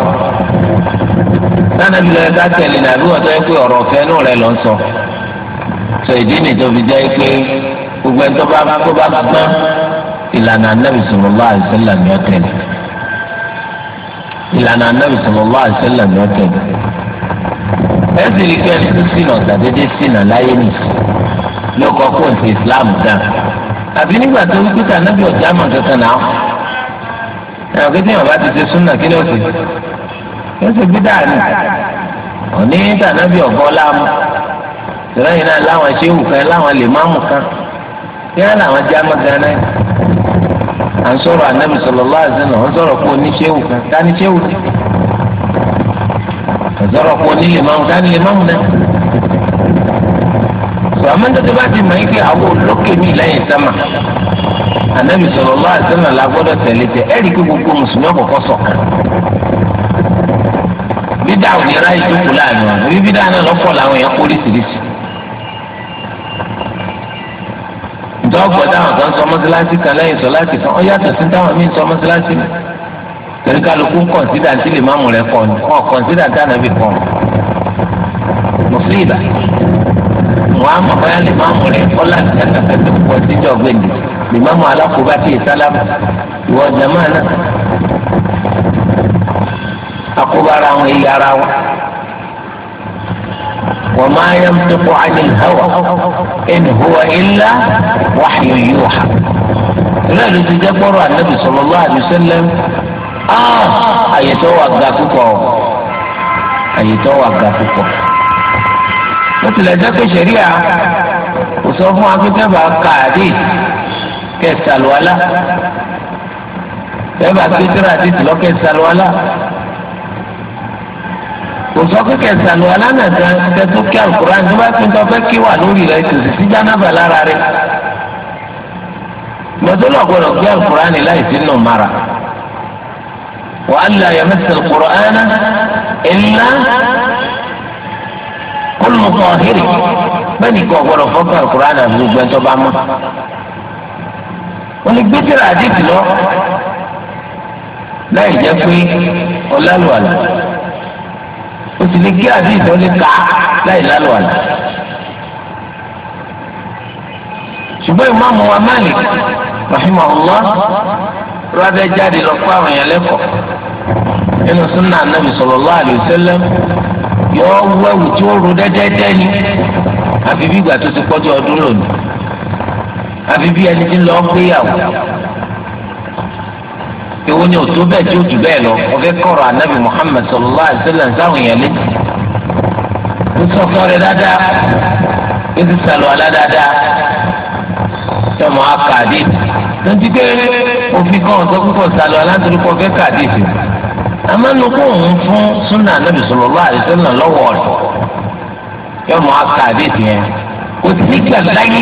nánà ìlọ́yẹ̀ ká tẹ̀lé ni àbí wọ́n tó pé ọ̀rọ̀ fẹ́nu rẹ̀ lọ́ sọ. sọ ìdí nìjọ́ fi jẹ́ pé gbogbo ẹni tó bá gbọ́n ìlànà anábìsọ̀rọ̀ lọ́wọ́ àìsàn làmì ọ̀tẹ̀lẹ̀ ìlànà anábì sallallahu alaihi wasallam ní ọ̀tẹ̀. ẹ sì rí kẹ́ni tó ṣìnà tàdédé ṣìnà láyé nì ló kọ́ kó ní islam dá. àbí nígbà tó wípé ká anábì ọ̀já mọ̀ kankan náà. ẹ̀rọ kí tíyàn bá ti ṣe súnà kí ló ṣe. kí ó ṣe bí dáa ni. òní tànábì ọ̀gbọ́n láàmú. ìrẹ́yìn náà láwọn ṣéwù kan láwọn lè máàmù kan. kí á làwọn já mọ́ gan náà à ń sọ̀rọ̀ anabi sọlọ́lá àzẹ́nà ó ń sọ̀rọ̀ kó oníṣẹ́wù kan ká níṣẹ́wù ni ó ń sọ̀rọ̀ kó onílé máwù ká nílé máwù náà. sọ amẹ́tẹ́tẹ́ bá ti mọ̀ ike àwọn olókè mi lẹ́yìn sẹ́mà anabi sọlọ́lá àzẹ́nà la gbọ́dọ̀ tẹ̀lé tẹ ẹ̀rí kí gbogbo mùsùlùmí ọ̀kọ̀ọ̀kọ̀ sọ̀kan bídà òní ráyè tó kù láàánú àná dọ́gbọ̀ dáhùn kan sọ mọ́sálásí kan lẹ́yìn sọ láti kan ó yàtọ̀ sí táwọn míì sọ mọ́sálásí mi torí kálukú ń kọ̀nsídà tí lè má mú rẹ kọ́ ni ọ̀ kọ̀nsídà tí ànábì kọ́ mùsùlùmí wọn á mọ̀ báyà lè má mú kọ́ láti kàtàkàtà pọ̀ síjọ́ gbèndé lè má alákòóbá tí ìsálámù ìwọ jàmáà náà akóbára wọn iye ara wọn. وما ينطق عن الهوى إن هو إلا وحي يوحى náà ló ti jẹ́ gbọ́rọ̀ ànábì sallallahu alaihi wasallam ààyè tó wà ga púpọ̀ ààyè tó wà ga púpọ̀. ó tilẹ̀ jẹ́ pé ṣẹ̀ríà kò sọ fún akíkẹ́bà káàdì kẹsàlùwálá kẹ́bà kẹsàlùwálá sọ pé kẹsàn-án ló alánàdá kẹtó kí àlùkùrá ní bá tún tọ́ fẹ́ kí wà lórí rẹ̀ tòsí sí jánábà lára rẹ̀ lọ́dún ọ̀gbọ́dọ̀ kí àlùkùrá ní láì sí nù mara wà á lè yẹ mẹsàn àlùkùrá ẹ̀ná ẹ̀ná kólùmọ̀kọ̀ ọ̀hìrì bẹ́ẹ̀ ni kò ọ̀gbọ́dọ̀ fọ́kọ̀ àlùkùrá náà gbogbo ẹ̀ tó bá mọ́ wọ́n ní gbẹ́sẹ̀rẹ̀ àdìsí lọ láì jẹ́ pé ọlálùwàlù. o ti lè gé àbí ìtọ́ lè kà láì lálọ́ ṣùgbọ́n ìmáàmù wa Malik rahimahullah rábẹ́ jáde lọ fún àwọn èèyàn lẹ́kọ̀ọ́ nínú súnà anábì sallallahu alaihi wasallam yọ wẹ́wù tí ó ro dẹ́dẹ́dẹ́ ni àfi bí ìgbà tó ti pọ́jọ́ ọdún lónìí àfi bí ẹni tí ń lọ gbéyàwó. èwo ni òtó bẹ́ẹ̀ tí ó jù bẹ́ẹ̀ lọ ọ̀fẹ́ kọ̀rọ̀ anabi muhammed sallallahu alayhi wa sallam sáwọn èèyàn létí ó sọ fún ọ̀rẹ́ dáadáa ó ti sàlù àlá dáadáa tọmọ akadé lọ́dún pé òfin kan ọ̀sọ́ púpọ̀ sàlù àlá nítorí pé ọ̀fẹ́ kàdé sí amánu kó òun fún súnà anabi sallallahu alayhi wa sallam lọ́wọ́ rẹ̀ tọmọ akadé sí yẹn kò sí gbàgbáyé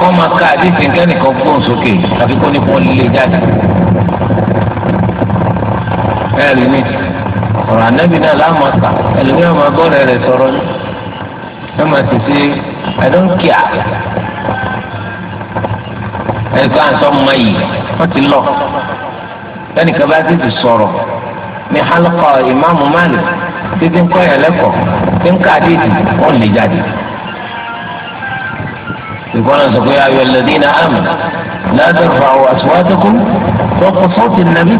kọ́ máa ka àdéhùn kẹ́nìkan fún òun sókè àfikún ní kó lè jáde ẹ̀rì ni ọ̀rọ̀ ànábì náà láàmú ọ̀sà ẹlòmíì ọmọ bọ́ọ̀lù rẹ̀ sọ̀rọ̀ ní ẹ máa tètè I don't care ẹ̀ka àtọ́ mọ yìí wọ́n ti lọ lẹ́nìkan bá tètè sọ̀rọ̀ ní hálùkọ ìmáàmù máàlì títí ń kọ́ yẹn lẹ́kọ̀ọ́ tí ń ká déèdì wọ́n lè jáde. ìgbọ́n náà sọ ayọ̀ lẹ́dínà àmì ládùúgbò àwọn àtúwádùúgbò. وخصوص النبي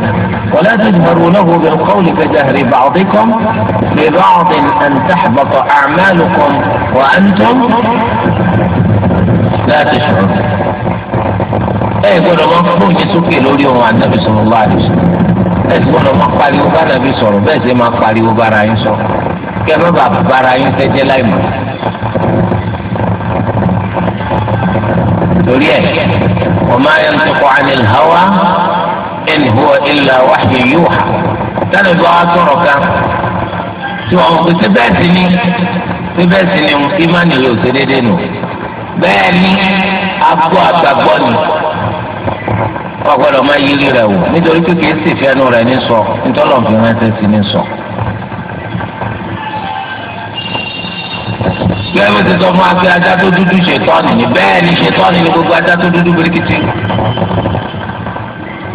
ولا تجهروا له بالقول كجهر بعضكم لبعض ان تحبط اعمالكم وانتم لا تشعرون ايه يقول المفروض يسكي اليوم عن النبي صلى الله عليه وسلم بس يقول ما قال يبارى بسر بس ما قال يبارى يسر كما باب بارى يسجل وما ينطق عن الهوى in huwa illa wahyu yuha sani bí wàá sọ̀rọ̀ kan tí wọn kò sí bẹ́ẹ̀ sí ni sí bẹ́ẹ̀ sí ni ìmánì yóò ṣe déédéé nù bẹ́ẹ̀ ni agbó àgbàgbọ́ ni wọn gbọ́dọ̀ máa yiri rẹ̀ wò nítorí pé kìí sì fi ẹnu rẹ̀ ní sọ nítorí òfin ránṣẹ́ sí ní sọ. bẹ́ẹ̀ bí ti sọ fún wa pé ajá tó dúdú ṣètọ́ni ni bẹ́ẹ̀ ni ṣètọ́ni ni gbogbo ajá tó dúdú birikiti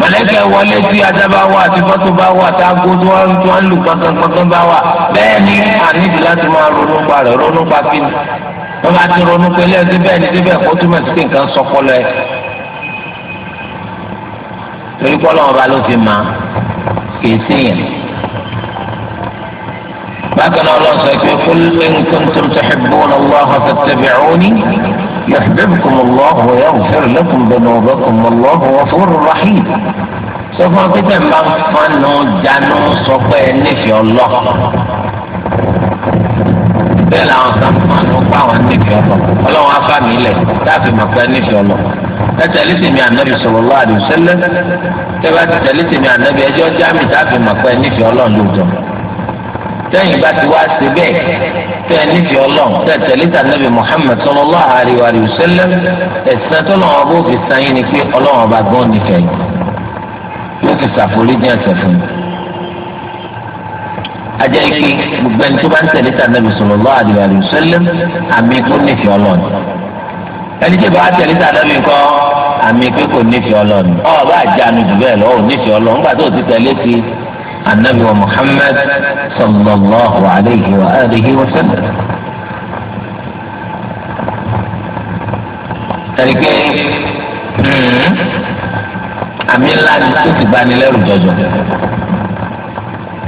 mọ̀lẹ́kẹ̀ wọlé tí ajá bá wà tí fọ́tò bá wà tá a gbó tí wọ́n tí wọ́n lù kankankankan bá wà bẹ́ẹ̀ ni àníbi láti máa ronú pa rẹ̀ ronú pa kí ni wọ́n bá ti ronú pé lẹ́yìn tí ni tí kó túmọ̀ sí pé nǹkan sọpọlọ ẹ̀ torí pọ́lọ́wọ́n bá ló fi máa kì í sí yẹn. bákan ọlọ́run sọ pé qul in kuntum tuhibbuna Allah fattabi'uni yuhbibkum Allah wa yaghfir lakum dhunubakum wallahu ghafurur rahim. sọ fún wa pé tẹ̀ máa ń fanu dànù sọ pé ẹ nífẹ̀ẹ́ ọlọ́ bẹ́ẹ̀ làwọn kan máa ń pa àwọn nífẹ̀ẹ́ ọlọ́ ọlọ́run afá mi lẹ̀ láti mọ̀ pé nífẹ̀ẹ́ ọlọ́ tẹtẹlí tèmi ànábì sallallahu alaihi wasallam tẹ bá tẹtẹlí tèmi ànábì ẹjọ́ jámì táàfin mọ̀ pé nífẹ̀ẹ́ ọlọ́run lóòótọ́. sẹ́yìn bá ti wá sí bẹ́ẹ̀ tẹ́ ẹ nífẹ̀ẹ́ ọlọ́run tẹ́ ẹ tẹ̀lé tà nàbì Muhammad sallallahu alaihi wa sallam ẹ̀sìn tó lọ́wọ́ bó fi san ni pé ọlọ́run ọba gan nífẹ̀ẹ́ yìí yóò ti ṣàforíjì ẹ̀ṣẹ̀ fún mi. ajá ike gbogbo ẹni tó bá ń tẹ̀lé nàbì sallallahu alaihi wa àmì kó nífẹ̀ẹ́ ọlọ́run ẹni tí bá tẹ̀lé nàbì kọ́ àmì pé kò nífẹ̀ẹ́ ọlọ́run ọ̀ anabi wa muhammad sallallahu alayhi wa alihi wa sallam. ẹ̀ríkẹ́ hmm, àmì ńlá ni tó ti bá ní lẹ́rù jọjọ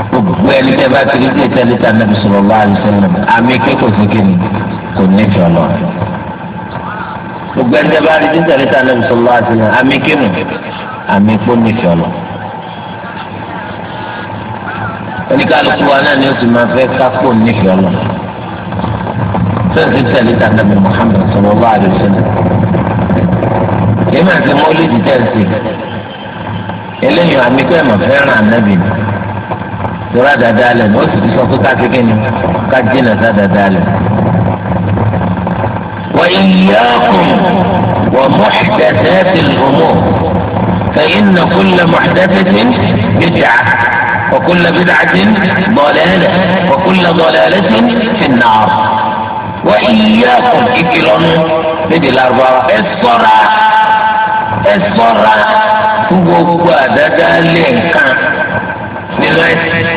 gbogbo ẹni tẹ́ bá kiri tí ìtẹ́lẹ̀ tí anabi sallallahu alayhi wa sallam àmì kékeré kékeré kò ní ìfọ̀lọ́ gbogbo ẹni tẹ́ bá kiri tí ìtẹ́lẹ̀ tí anabi sallallahu alayhi wa sallam àmì kékeré àmì kó ní ìfọ̀lọ́. oníkàlùkù wa náà ni ó ti máa fẹ́ kápò nífẹ̀ẹ́ lọ sọ́ọ̀tì tẹ̀lé tàbí muhammed sọ̀rọ̀ bá kéèmà èmi mọ́lẹ́ mọ́lìdì tẹ̀sí eléyìí àmì pé ẹ̀mọ̀ fẹ́ràn ànábì ni tora dada lẹ ní o sì ti sọ fún kákéké ni ká jìnnà ka din naa sa dada lẹ. wà iyyakum wà muhdathatil umur fa inna kulla muhdathatin bid'ah. وكل بدعة ضلالة وكل ضلالة في النار وإياكم إكرام بدل أربعة الصرا الصرا وقوة دلالة لغاية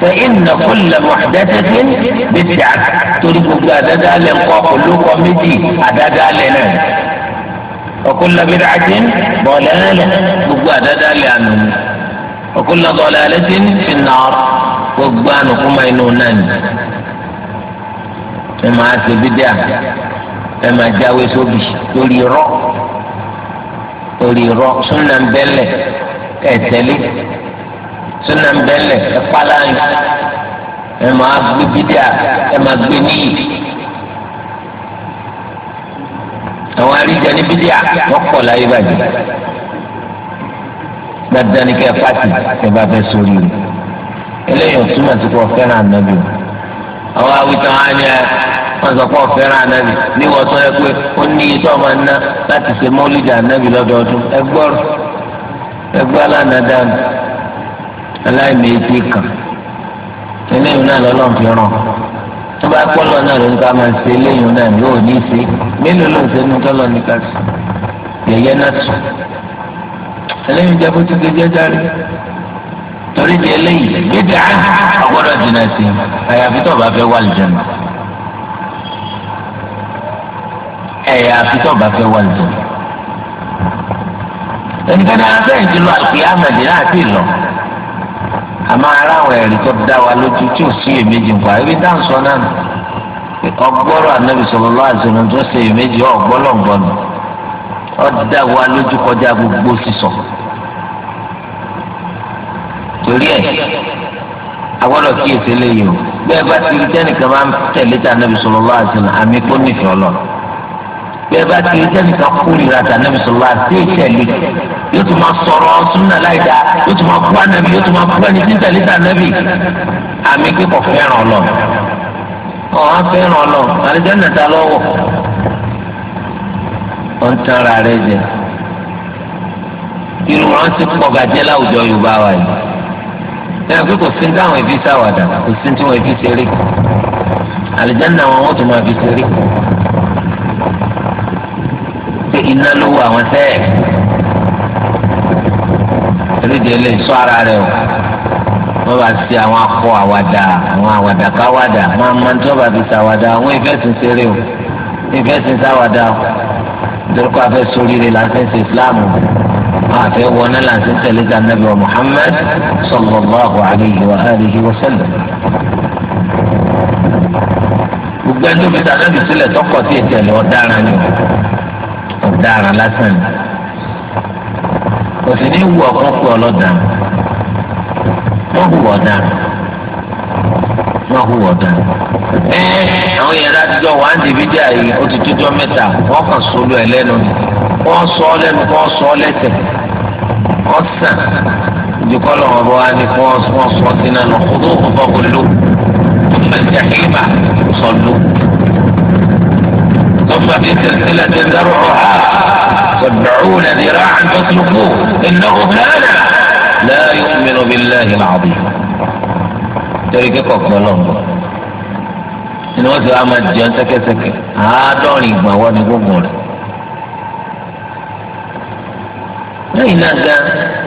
فإن كل محدثة بدعة تريد دلالة وقوة كوميدي دلالة وكل بدعة ضلالة وقوة دلالة أنه وكل ضلالة في النار وقبان كما ينونان إما أسبدا إما جاوي سوبي تولي رو تولي رو سنة بلة ẹtẹlẹ súnà mbẹlẹ ẹkpaláyìn ẹ máa gbé bídíà ẹ máa gbé níyì àwọn àríjà ní bídíà wọn pọ̀ láyé bàjẹ́ dandan ni kẹ́ pàtì kẹ́ bá fẹ́ sórí rẹ̀ eléyìí ò túmọ̀ sí kò fẹ́ràn ànábì o àwọn awitọ̀ á ní ẹ wọ́n sọ pé ọ̀fẹ́ràn ànábì níwọ̀n tó yẹ pé ó ní iye tó máa ná láti ṣe mọ́lídà ànábì lọ́dọọdún ẹgbọ́rọ̀ ẹgbẹ́ alánàdánù aláìmẹ̀ẹ́tì kan eléyìí náà lọ́lọ́run fi ràn tó bá pọ́lọ́ náà ló ń ká máa ṣe eléyìí náà yóò ní í ṣe mélòó ló ń ṣe nínú tọ́lọ́ ní sí yẹ̀yẹ́ náà sùn. ele jẹ́ bó ti ṣe torí di eléyìí gbèdé á ọgbọ́dọ̀ jìnnà sí i tó o fẹ́ wà lìjẹ̀nà ẹ̀yà tó o fẹ́ wà ẹnikẹ́ni ti lọ àpè amẹ̀dì náà ti lọ àmọ́ ara àwọn ẹ̀rí tó dá wa lójú tí ò sí èméjì nǹkan ebi dá ń sọ náà ọgbọ́rọ̀ tó wa lójú kọjá gbogbo torí ẹ̀ àwọ̀dọ̀ kí èsì léyìí o bẹ́ẹ̀ bá ti rí tẹ́nìkan máa ń tẹ̀lé tà nàbì sallallahu alaihi wasallam àmì kó nífẹ̀ẹ́ ọlọ́ bẹ́ẹ̀ bá ti rí tẹ́nìkan kórìíra tà nàbì sallallahu alaihi wasallam àti ìtẹ̀lé yóò tún máa sọ̀rọ̀ súnà láìda yóò tún máa bú ànàbì yóò tún máa bú ẹni tí ń tẹ̀lé tà nàbì àmì kíkọ̀ fẹ́ràn ọlọ́ ọ̀hán fẹ́ràn ọlọ́ àlùjánnà ta lọ́wọ́ wọ́n tán ara rẹ̀ jẹ irun wọn ti pọ̀ láwùjọ Yorùbá wa yìí ẹnì pé kò sí ní táwọn ẹbí sáwàdà kò sí ní tí wọn ẹbí ṣeré àlìjáná wọn wọn tún máa fi ṣeré pé iná ló wọ àwọn sẹ́ẹ̀ erédìí lè sọ ara rẹ o wọn bá ṣe àwọn akọ àwàdà àwọn àwàdà káwàdà máa máa tó bá fi ṣàwàdà àwọn ìfẹ́ ṣeré o ìfẹ́ sìn ṣàwàdà o nítorí kó a fẹ́ sóríire là ń fẹ́ ṣe Islam o àfẹ́ wọná láti tẹ̀lé ta nàbí wa Muhammad sallallahu alayhi wa alihi wa sallam. gbogbo ẹni omi ta nàbí sílẹ̀ tọkọ sí ìtẹ̀lé ọ̀daràn ni ọ̀daràn lásán ni òsì ní wù ọkàn pé ọlọ́dàn wọ́n hù ọ̀dàn wọ́n hù ọ̀dàn àwọn yẹn dájọ́ wà á ń dé àyè ó ti tó jọ mẹ́ta kàn sólù ẹ̀ lẹ́nu wọ́n sọ ọ́ lẹ́nu wọ́n sọ ọ́ lẹ́sẹ̀. ọ̀sán ìdíkọ́ lọ́wọ́ bá wá ní kí wọ́n sọ ọ́ sí náà tó kọ́ kó lò ọmọ ìjàkìlìmà sọ lò. ثم في سلسلة ذرعها سبعون ذراعا فاسلكوه إنه كان لا يؤمن بالله العظيم. تركك الله ni wọ́n ti wá jẹun sẹ́kẹ́sẹ́kẹ́ àádọ́rin ìgbà wọn ni gbogbo rẹ̀ lẹ́yìn náà gan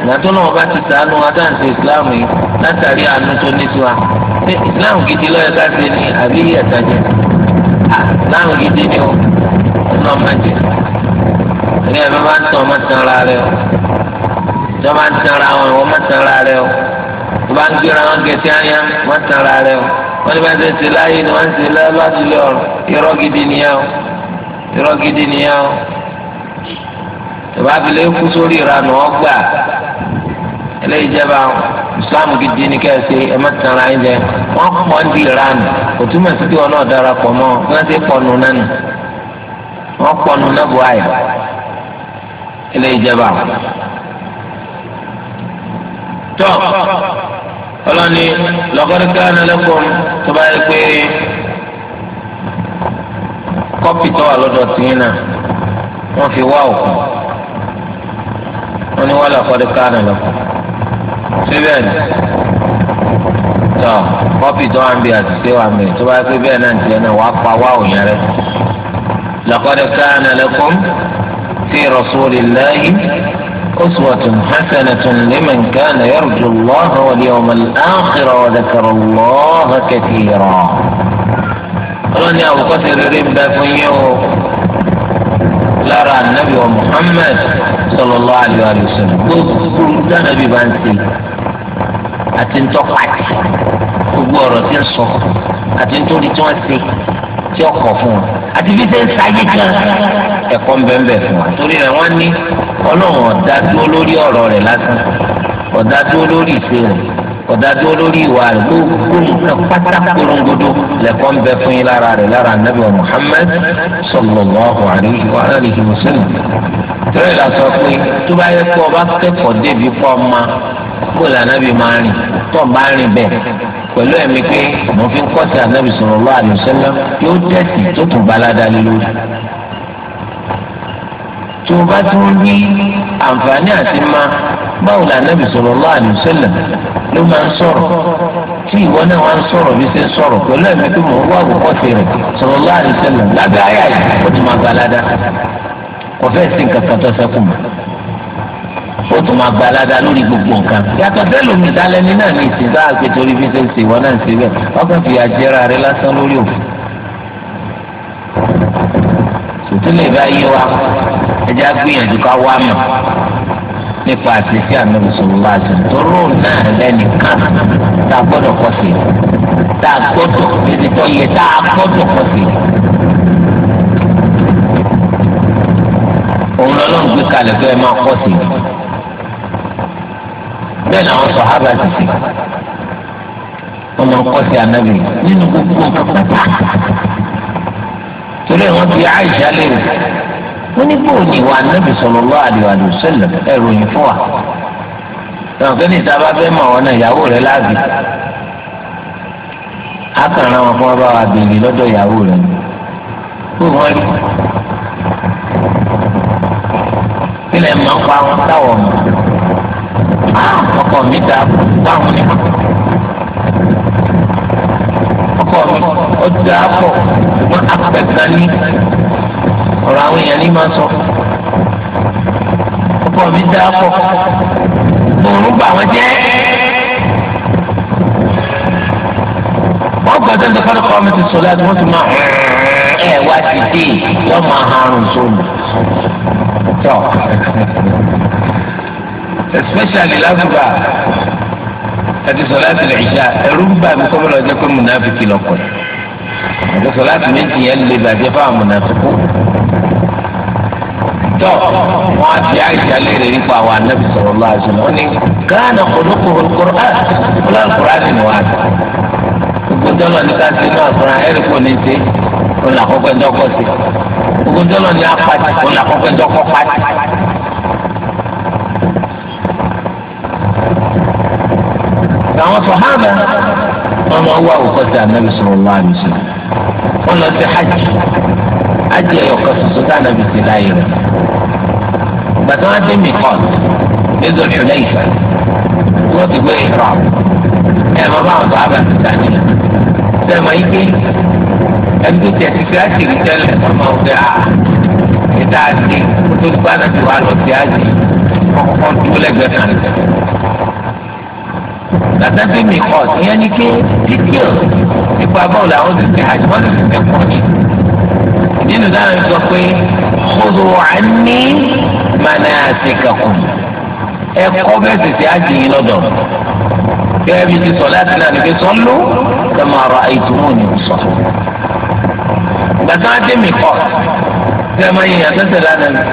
ìgbàtọ́ náà bá ti sànù adáǹtẹ̀ islam yìí látàrí àánú tó ní tiwa ṣé islam gidi lọ́yẹ ká ṣe ní àbí ẹ̀tàjẹ́ islam gidi ni ó ọ̀nà ọmọdé ní ẹ̀fẹ́ bá ń tàn ọmọ tàn ra rẹ o tí wọ́n bá ń tàn ra wọn ìwọ́n má tàn ra rẹ o tí bá ń gbéra wọn gẹ̀ẹ́sì áyá má tàn rẹ o wọ́n ní bá ṣe ṣe láyé ni wọ́n ń ṣe lábàdúlẹ̀ ọ̀rọ̀ irọ́ gidi nìyẹn o irọ́ ìbá abilé kú sórí ìranù ọgbà eléyìí jẹba islamu gidi ni kẹsì ẹ má tẹ ara yín jẹ wọn pọ ń di ìranù òtúmọ̀ sí kí wọn náà darapọ̀ mọ́ wọn ti pọnù nánu wọn pọnù nábù ayà eléyìí jẹba tọ ọlọ́ni lọ́kọ́dúnkẹ́ ọ̀nàlẹ́kùn tó bá yẹ pé kọ́pì wà lọ́dọ̀ tìyín náà fi wá òkun. wọn ni wọn lọ kọ́ kánà náà lọ síbẹ̀ ni tọ kọfí tó wọn ń bí àtìsé wà mí tó bá pé bẹ́ẹ̀ náà tiẹ̀ náà á pa wá òyìn rẹ laqad kana lakum fi rasulillahi uswatun hasanatun liman kana yarju allaha wal yawmal akhira wa dhakara allaha kathira. ọlọ́ni àwòkọ́sẹ̀ rere ń bẹ fún yín o lára anabi wa muhammad. sallallahu alaihi wasallam gbogbo dáná bíi bá ń ṣe àti ń tọ́ka àti gbogbo ọ̀rọ̀ tí ń sọ àti ń tóri tí wọ́n ṣe tí ọkọ̀ fún wọn àti bí ṣe ń sáyé kan ẹ̀kọ́ ń bẹ́ẹ̀ fún wa torí rẹ̀ wọ́n ní ọlọ́run ọ̀dá dúró lórí ọ̀rọ̀ rẹ̀ lásán ọ̀dá dúró lórí ìṣe rẹ̀ ọ̀dájú olórí ìwà rẹ̀ gbogbo nǹkan pátá korongodo lẹ́kọ́ ń bẹ fún yín lára rẹ̀ lára anabi wa muhammed sallallahu alayhi wa alihi wa sallam. tẹ́lẹ̀ la sọ pé tó bá yẹ kó o kẹ́kọ̀ọ́ débi kó o ma kó lànàbì máa rìn tó o rìn bẹ́ẹ̀ pẹ̀lú ẹ̀mí pé mo fi ń kọ́ sí anabi sallallahu alayhi yóò dẹ́sì tó tún balada lé lórí tó o bá ti ń rí àǹfààní àti ma báwo la nàbì sallallahu alaihi wasallam ló máa ń sọ̀rọ̀ tí ìwọ náà wá ń sọ̀rọ̀ bí ṣe ń sọ̀rọ̀ pẹ̀lú ẹ̀mí pé mò ń wá àbùkọ́ ti rẹ̀ sallallahu alaihi wasallam lábẹ́ àyà yìí ó ti máa gba aládá kò fẹ́ sí nǹkan kan tó sẹ́kù mọ́ ó tún máa gba lórí gbogbo nǹkan yàtọ̀ bẹ́ẹ̀ mi dálẹ́ni náà ní ìsìn sáà pé torí bí ṣe ń ẹjẹ́ agbìyànjú ká wá mọ̀ nípa àtẹ̀sí ànábì sọ̀rọ̀ àti tóró náà lẹ́nìkan tá a gbọ́dọ̀ kọ́ sí tá a gbọ́dọ̀ títí tó yẹ tá a gbọ́dọ̀ kọ́ sí. òun lọ́lọ́run gbé kalẹ̀ fẹ́ máa kọ́ sí bẹ́ẹ̀ làwọn sọ̀hábà ti sè wọ́n máa kọ́ sí ànábì nínú gbogbo nǹkan torí wọ́n fi àìsàn lérò wọ́n ní bóun ni ìwà anábì sallallahu alaihi wasallam ẹ̀rù yìí fún wa. náà kí ni ìtaba fẹ́ mọ̀ wọn náà ìyàwó rẹ̀ láàbì. a kàn ra wọn fún wọn bá wa béèrè lọ́dọ̀ ìyàwó rẹ̀ ni. kó wọ́n rí. kí lẹ́ máa ń pa wọn táwọn mọ̀. ọkọ mi ta báwọn ni mọ̀. ọkọ mi ó dáa pọ̀ ṣùgbọ́n apẹ̀sán ní ọ̀rọ̀ àwọn èèyàn ní máa sọ ọkọ mi dá pọ̀ òórùn bà wọ́n jẹ́ wọ́n gbọ́dọ̀ ní kọ́lọ́ kọ́ mi ti sọ láti wọ́n ti máa ẹ̀ wá ti dé yọ máa harun sómi tọ́ especially lágbàá àti sọ láti lè ṣá ẹ̀rú ń bà mí kọ́ bọ́lá ọjọ́ pé mo náà fi kí lọ́kọ̀ọ́ ẹ̀ka sọ̀láàtì méjì yẹn lè bàjẹ́ fáwọn mọ̀nàfíkù. tọ́ wọ́n á fi àìsàn léèrè nípa àwọn anábì sọ̀rọ̀ lọ́wọ́ àṣẹ wọn ni gánà kòlókò kòrán kòrán kòrán ni wọ́n á sọ. gbogbo dọ́lọ̀ ní ká sí náà fúnra ẹ̀rí kò ní ṣe ó là kọ́kọ́ ẹ̀dọ́kọ̀ sí. gbogbo dọ́lọ̀ ní apàtì ó là kọ́kọ́ ẹ̀dọ́kọ̀ pàtì. àwọn sọ̀hábà wọn máa wá òkọ́ta anábì sọ̀rọ̀ lọ́wọ́ àṣẹ ó lọ sí hajj hajj ẹ̀yọ̀kan ṣoṣo tá ànábì sí láyé rẹ̀ ìgbà tí wọ́n dé mikọ́t nítorí ìrẹ́lẹ̀ ìfẹ́ tí wọ́n ti gbé ìrọ̀ ẹ̀ mọ báwọn tó abẹ́ ti dání ṣe mọ ike ẹni tó tẹ̀ sí kíláàsì rí tẹ́lẹ̀ ọmọ ọ̀gá ah, ìta àti tó gbá náà ti wà lọ sí àjì ọkọ̀ tó lẹ́gbẹ̀ẹ́ kan lẹ́gbẹ̀ẹ́. Gbàtà dé mikọ́t ìyẹn ni ké gbogbo agbọ́n làwọn ti ṣe àjọ wọn ti ṣe pọ̀ ní. nínú dáhùn sọ pé kóso àní màná àti kàkùn ẹ̀kọ́ bẹ́ẹ̀ sì ṣe àjìyìn lọ́dọ̀ gẹ́gẹ́ bí ti sọ láti náà nígbè sọ ló kẹ́ máa rọ àìtúmọ̀ ní sọ. gbàtà dé kọ́ kẹ́ máa yẹ àtẹ́tẹ̀ lánàá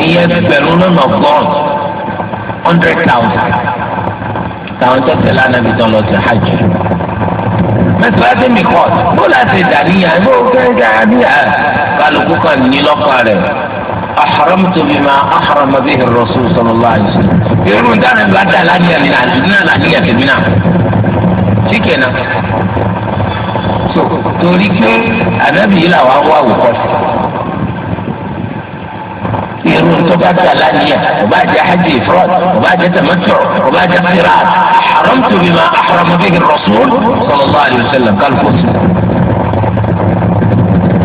ìyẹn pẹ̀lú lọ́nà gbọ́n hundred thousand táwọn tẹ́tẹ̀ lánàá bí tán lọ hajj mẹsàlásì mi kọ bó láti dàníyà bó kẹ́kẹ́ dàníyà kálukú kan ní lọ́kàn rẹ̀ ahramtu bima ahrama bihi rasul sallallahu alaihi wasallam irú dáná bá dà lánìyà ní àdínà lánìyà tèmi náà síkẹ̀ náà torí pé ànábìyí làwọn wá wò kọ́ sí. وبعد علانية وبعد حج إفراد وبعد تمتع وبعد قران حرمت بما أحرم به الرسول صلى الله عليه وسلم قال فوز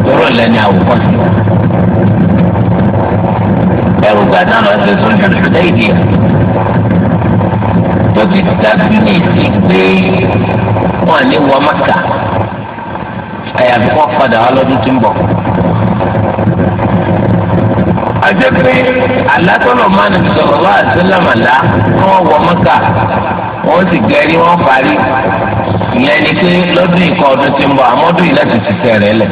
يقول لنا وفوز أو بعد أن أرسل الحديدية وتتبني في البيت وأن ومكة مكة أي أن تقف هذا àjẹpẹ́ alátọ́nà mánu sọ̀rọ̀ wá àtúnlámàlá wọ́n wọ mọ́kà wọ́n sì gẹ̀rí wọ́n parí ìyẹn ni pé lọ́dún ìkọ́ ọdún ti ń bọ̀ àmọ́dún yìí láti ti tẹ̀ rẹ̀ lẹ̀.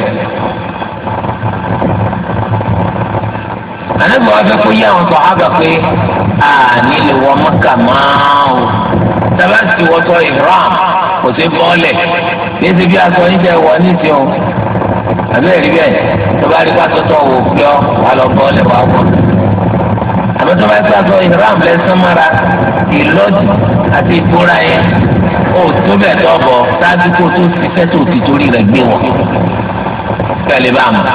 ànágbà wa fẹ́ kó yí àwọn sọ̀hábà pé àní lè wọ mọ́kà máa ń sábà ti wọ́tọ̀ ìhram kò sí bọ́ọ̀lẹ̀ ní ti bí aṣọ oníṣẹ́ wọ ní ti àbẹ́rẹ́ rí bẹ́ẹ̀ tó bá rí pátọ́tọ́ wò pé ọ wà lọ bọ́ lẹ́wọ̀ àwọ̀ àmọ́ tó bá rí pátọ́ ìhram lẹ́sán mọ́ra ìlọ́jì àti ìbúra yẹn ó tó bẹ̀ tọ́bọ̀ ṣáájú kó tó ti fẹ́tò ti torí rẹ̀ gbé wọn pẹ̀lẹ́ bá mọ̀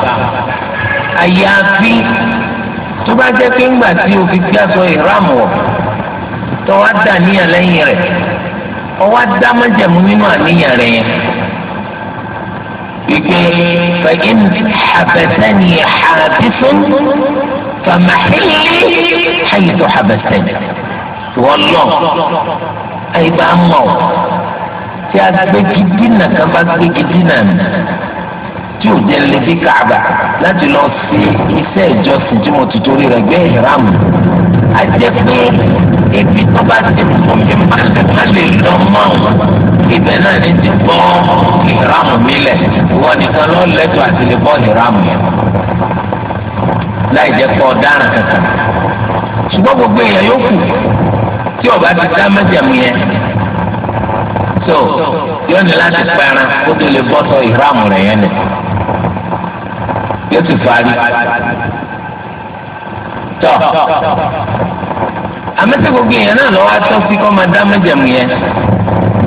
àyàfi tó bá jẹ́ pé ńgbà tí o fi gbé aṣọ ìhram wọ̀ tó wá dà níyàn lẹ́yìn rẹ̀ ọwọ́ á dá májẹ̀mú nínú àníyàn rẹ̀ yẹn فإن حبسني حابس فمحلي حيث حبستني والله أي بأمه tí a gbé kìdínà kan bá gbé kìdínà mi tí ò jẹ́ lè fi kàbà láti lọ sí iṣẹ́ ìjọsìn tí mo ti torí rẹ̀ gbé ìhìrámù ajẹ́ pé ibi tó bá ti fún mi má lè má lè lọ mọ́ ọ́n ibẹ̀ náà ni ti bọ́ ìrámù mílẹ̀ ìwọ nìkan ló lẹ́tọ̀ọ́ àti lè bọ́ ìrámù yẹn láì jẹ́ pọ́ ọ̀daràn kankan ṣùgbọ́n gbogbo èèyàn yóò kù tí ọba ti dá mẹ́jẹ̀mú yẹn so yóò ní láti pẹran kó tó lè bọ́ sọ ìrámù rẹ̀ yẹn nì yóò ti parí tọ àmọ́tẹ́ gbogbo èèyàn náà lọ́wọ́ atọ́ sí kọ́ máa dá mẹ́jẹ̀mú yẹn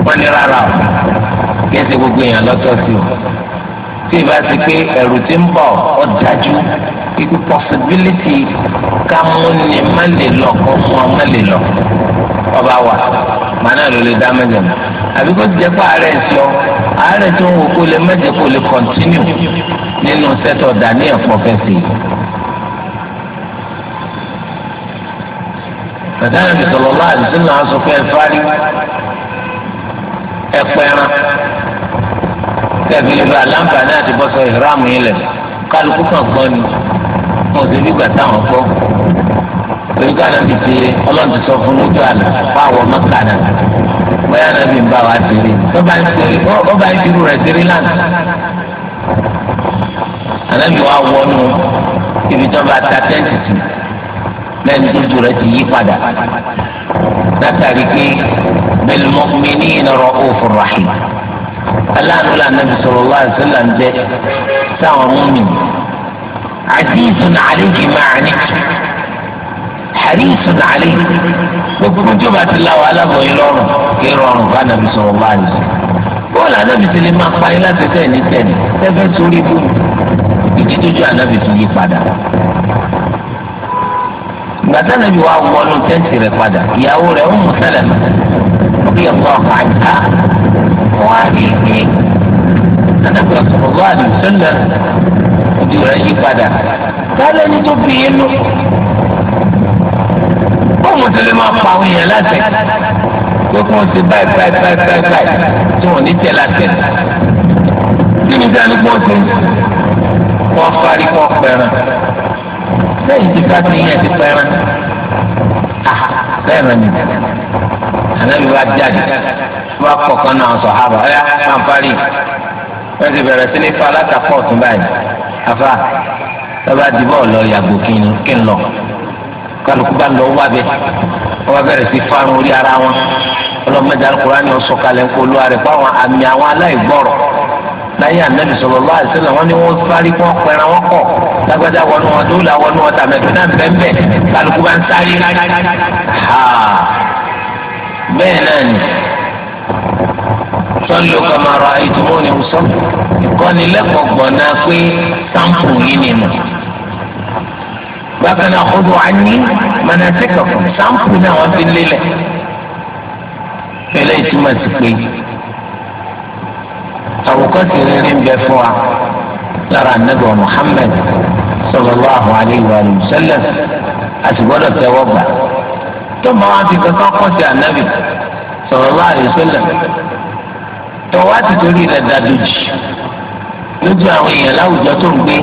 wọ́n ní rárá o kí ẹsẹ̀ gbogbo èèyàn lọ́tọ́ sí o tí ìbá ti pé ẹ̀rù ti ń bọ̀ ọ́ dájú ikú possibility ká mú ni má lè lọ kọ́ mú ọ má lè lọ ọba wa màá náà ló lè dá mẹ́jẹ̀mú àbí kó ti jẹ́ pé àárẹ̀ ń sọ àárẹ̀ tó ń wò kó lè mẹ́jẹ̀ kó lè continue nínú sẹ́tọ̀ daniel pọ̀fẹ́sì yìí. bàtà nàbì sọlọ lọ àdìsí náà sọ pé ẹfárí ẹpẹran tẹbílẹ bá lámbà náà ti bọ sọ ìhìrámù yìí lẹ kálukú kan gbọ́ ni wọn ò sì rí gbàtà wọn gbọ́ lórí ká nàbì ti ọlọ́run ti sọ fún lójú àná fáwọn mọ́kà náà bóyá nàbì ń bá wa tèrè bọ́ba ń tirú rẹ̀ tèrè lánàá ànábì wa wọnú ibi tó bá ta tẹ́ǹtì tì lẹ́nu tó ju rẹ̀ ti yí padà látàrí pé bilmu'minina ra'ufur rahim aláàánú là nàbì sallallahu alaihi wasallam ń jẹ́ sáwọn múmi azizun alayhi ma'ani harisun alayhi gbogbo tó bá ti láwọ alábòye lọ́rùn kí rọrùn bá nàbì sallallahu alaihi wasallam bọ́ọ̀lù anábì ti lè máa parí láti tẹ̀ ní tẹ̀lé tẹ́fẹ́ sórí ibú ìdí tó ju anábì yí padà gbàtà nàbí wà wọnú tẹ́ǹtì rẹ̀ padà ìyàwó rẹ̀ ń mú sẹ́lẹ̀ mọ́ ọbí ọ̀pọ̀ ọ̀pọ̀ àjà wọn á rí i pé àdàbí ọ̀sọ̀rọ̀ wà ní sẹ́lẹ̀ ojú rẹ̀ yí padà sálẹ̀ ní tó fi inú bọ́ọ̀mù tó lè máa pa àwọn èèyàn láti pé kí wọ́n ti báyìí báyìí báyìí báyìí tí wọ́n ní tẹ̀ láti ẹ̀ kí ni sani kí wọ́n ti kọ́ pẹ́ràn lẹ́yìn tí ká ti yẹn ti pẹ́ran bẹ́ẹ̀ ni anabi wa jáde wa kọ̀ọ̀kan náà sọ àbọ̀ ẹ̀ àǹfààní wọ́n ti bẹ̀rẹ̀ sí ní fa alátakọ̀ ọ̀tún báyìí afa lọ́ba dìbò lọ yàgò kínní kí n lọ kálukú bá lọ wá bẹ wọ́n bá bẹ̀rẹ̀ sí fárun orí ara wọn ọlọ́mọdé alukóra ni wọ́n sọ kalẹ̀ ń kó lu àrẹ̀ fún àwọn àmì àwọn aláìgbọ́rọ̀ láyé anabi sọ̀rọ̀ lọ́wọ́ àti sẹ́lẹ̀ wọ́n ní wọ́n sáré wọ́n pẹ̀rẹ̀ wọ́n kọ̀ lágbádá wọnú wọn dóòlà wọnú wọn tàmẹ̀dọ́ náà bẹ́ẹ̀nbẹ́ẹ̀ kálukú bá ń sáré bẹ́ẹ̀ náà ni sọ́lù kọ́mọ́rọ́ àìtúmọ̀ ni mo sọ ìkọ́ni lẹ́kọ̀ọ́ gbọ̀nà pé sáǹpù yìí ni mo bákan náà kó do anyi mọ̀nàtẹ́kọ̀ fún sáǹpù náà wọ́n fi lélẹ̀ pẹ̀lẹ́ ìtumọ̀ sí pé àwòkọ́ sì rírí ń bẹ fún wa lára anabi wa muhammed sallallahu alayhi wa sallam àti gbọ́dọ̀ tẹ́wọ́ gbà tó máa wá fi kankan kọ́ sí anabi sallallahu alayhi wa sallam tó wá ti torí rẹ̀ dàdójì lójú àwọn èèyàn láwùjọ tó ń gbé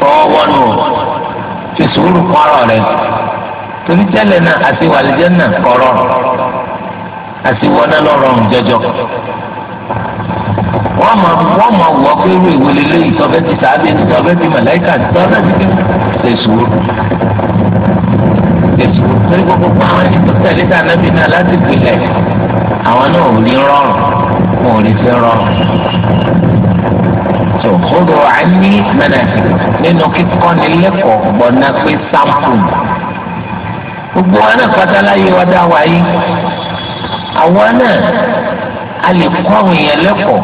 fọwọ́wọ́nù fi sùúrù kún ọ̀rọ̀ rẹ̀ torí tẹ́lẹ̀ náà àti wàlíjẹ́ náà kọ̀rọ̀ àti wọná lọ́rọ̀ jọjọ wọ́n mọ wọ́n mọ wọ́ pé irú ìwé lélẹ́ ìtọ́fẹ́ ti sàábẹ̀ ìtọ́fẹ́ ti màláìkà ìtọ́fẹ́ ti kí ṣe sùúrù ṣe sùúrù torí gbogbo àwọn ẹni tó tẹ̀lé tá anábì náà láti pilẹ̀ àwọn náà ò ní rọrùn wọn ò ní fi rọrùn. tó o lọ wà ní mẹ́nàjì nínú kíkọ́ni lẹ́kọ̀ọ́ gbọ́ná pé sáǹpù gbogbo wọn náà pátá láyé wá dá wáyé àwọn náà a lè kọ́ àwọn èèyàn lẹ́kọ̀ọ́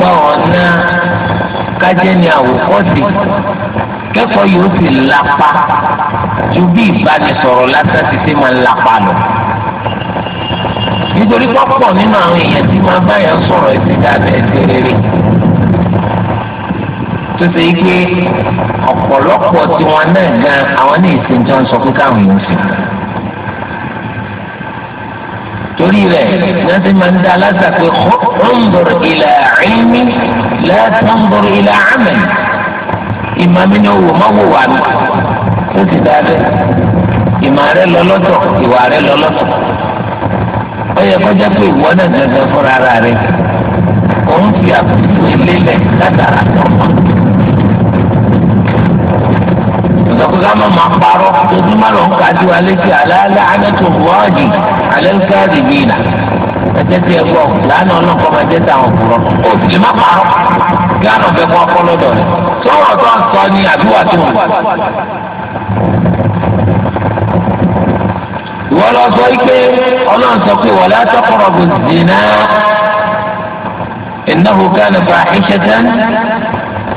wá ọ̀nà kájẹ́ ni àwòkọ́sí kẹ́kọ̀ọ́ yóò sì lápá ju bí ìbánisọ̀rọ̀ lásán ti ṣe máa ń lápá lọ. nítorí pọ́pọ̀ nínú àwọn èèyàn tí máa bá yẹn sọ̀rọ̀ ẹ̀sìn dáadáa ẹ̀sìn rere tó ṣe pé ọ̀pọ̀lọpọ̀ tiwọn náà gan àwọn ní ìsìn tó ń sọ pé káwọn èèyàn sìn torí rẹ̀ wọ́n ti máa ń dá aláṣà pé ọ̀nbọ̀rọ̀ ìlà ẹ̀mí lẹ́tọ̀ọ̀nbọ̀rọ̀ ìlà àmẹ́ ìmàmí ni owó máa wò wá mi ó ti dá rẹ̀ ìmà rẹ̀ lọ́lọ́tọ̀ ìwà rẹ̀ lọ́lọ́tọ̀ ó yẹ kọjá pé ìwọ náà dandan fúnra ara rẹ̀ òun fi àbùkù ìlélẹ̀ látara tó mọ́. ìsọkúsá máa ma parọ́ ojú má lọ alẹ́ sí àlàálẹ̀ anẹ́tò wọ́ọ̀dì. alẹ ń على ẹjẹ ẹjẹtì ẹgbọ lànà ọlọpàá máa jẹ táwọn òkúrọ ó tì lè má parọ́ kí àná bẹ kọ ọpọlọ dọ rẹ sọ̀rọ̀ tó ń sọ ni àbíwá tó ń. ìwọ lọ sọ pé ọlọ́run sọ pé wọlé wala taqrabu zina innahu kana tán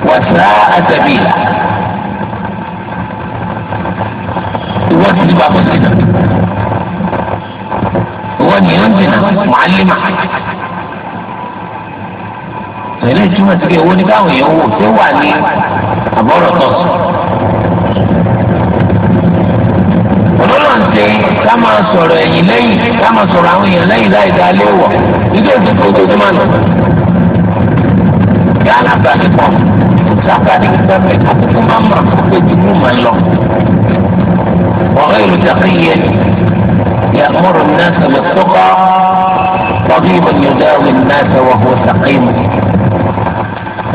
wa sá àtẹ̀bí ìwọ ti di bá kó sí náà. mùwàlìmà mùwàlìmà tẹ̀lé ìtumọ̀ sí ewu ní káwọn èèyàn wò ṣé wà ní àbọ̀rọ̀ tó sùn. olólò ń ṣe ká máa sọ̀rọ̀ ẹ̀yìn lẹ́yìn ká máa sọ̀rọ̀ àwọn èèyàn lẹ́yìn láì dá lé wọ̀ nígbà tó tó tó tó máa lọ. kí alábàáni pọ̀ sábàáni pẹ̀pẹ̀ àkókò máa mọ̀ àkókò ìdìbò máa lọ. ọ̀rẹ́ ìròjà kan yẹ ni. يأمر الناس بالتقى طبيب يداوي الناس وهو سقيم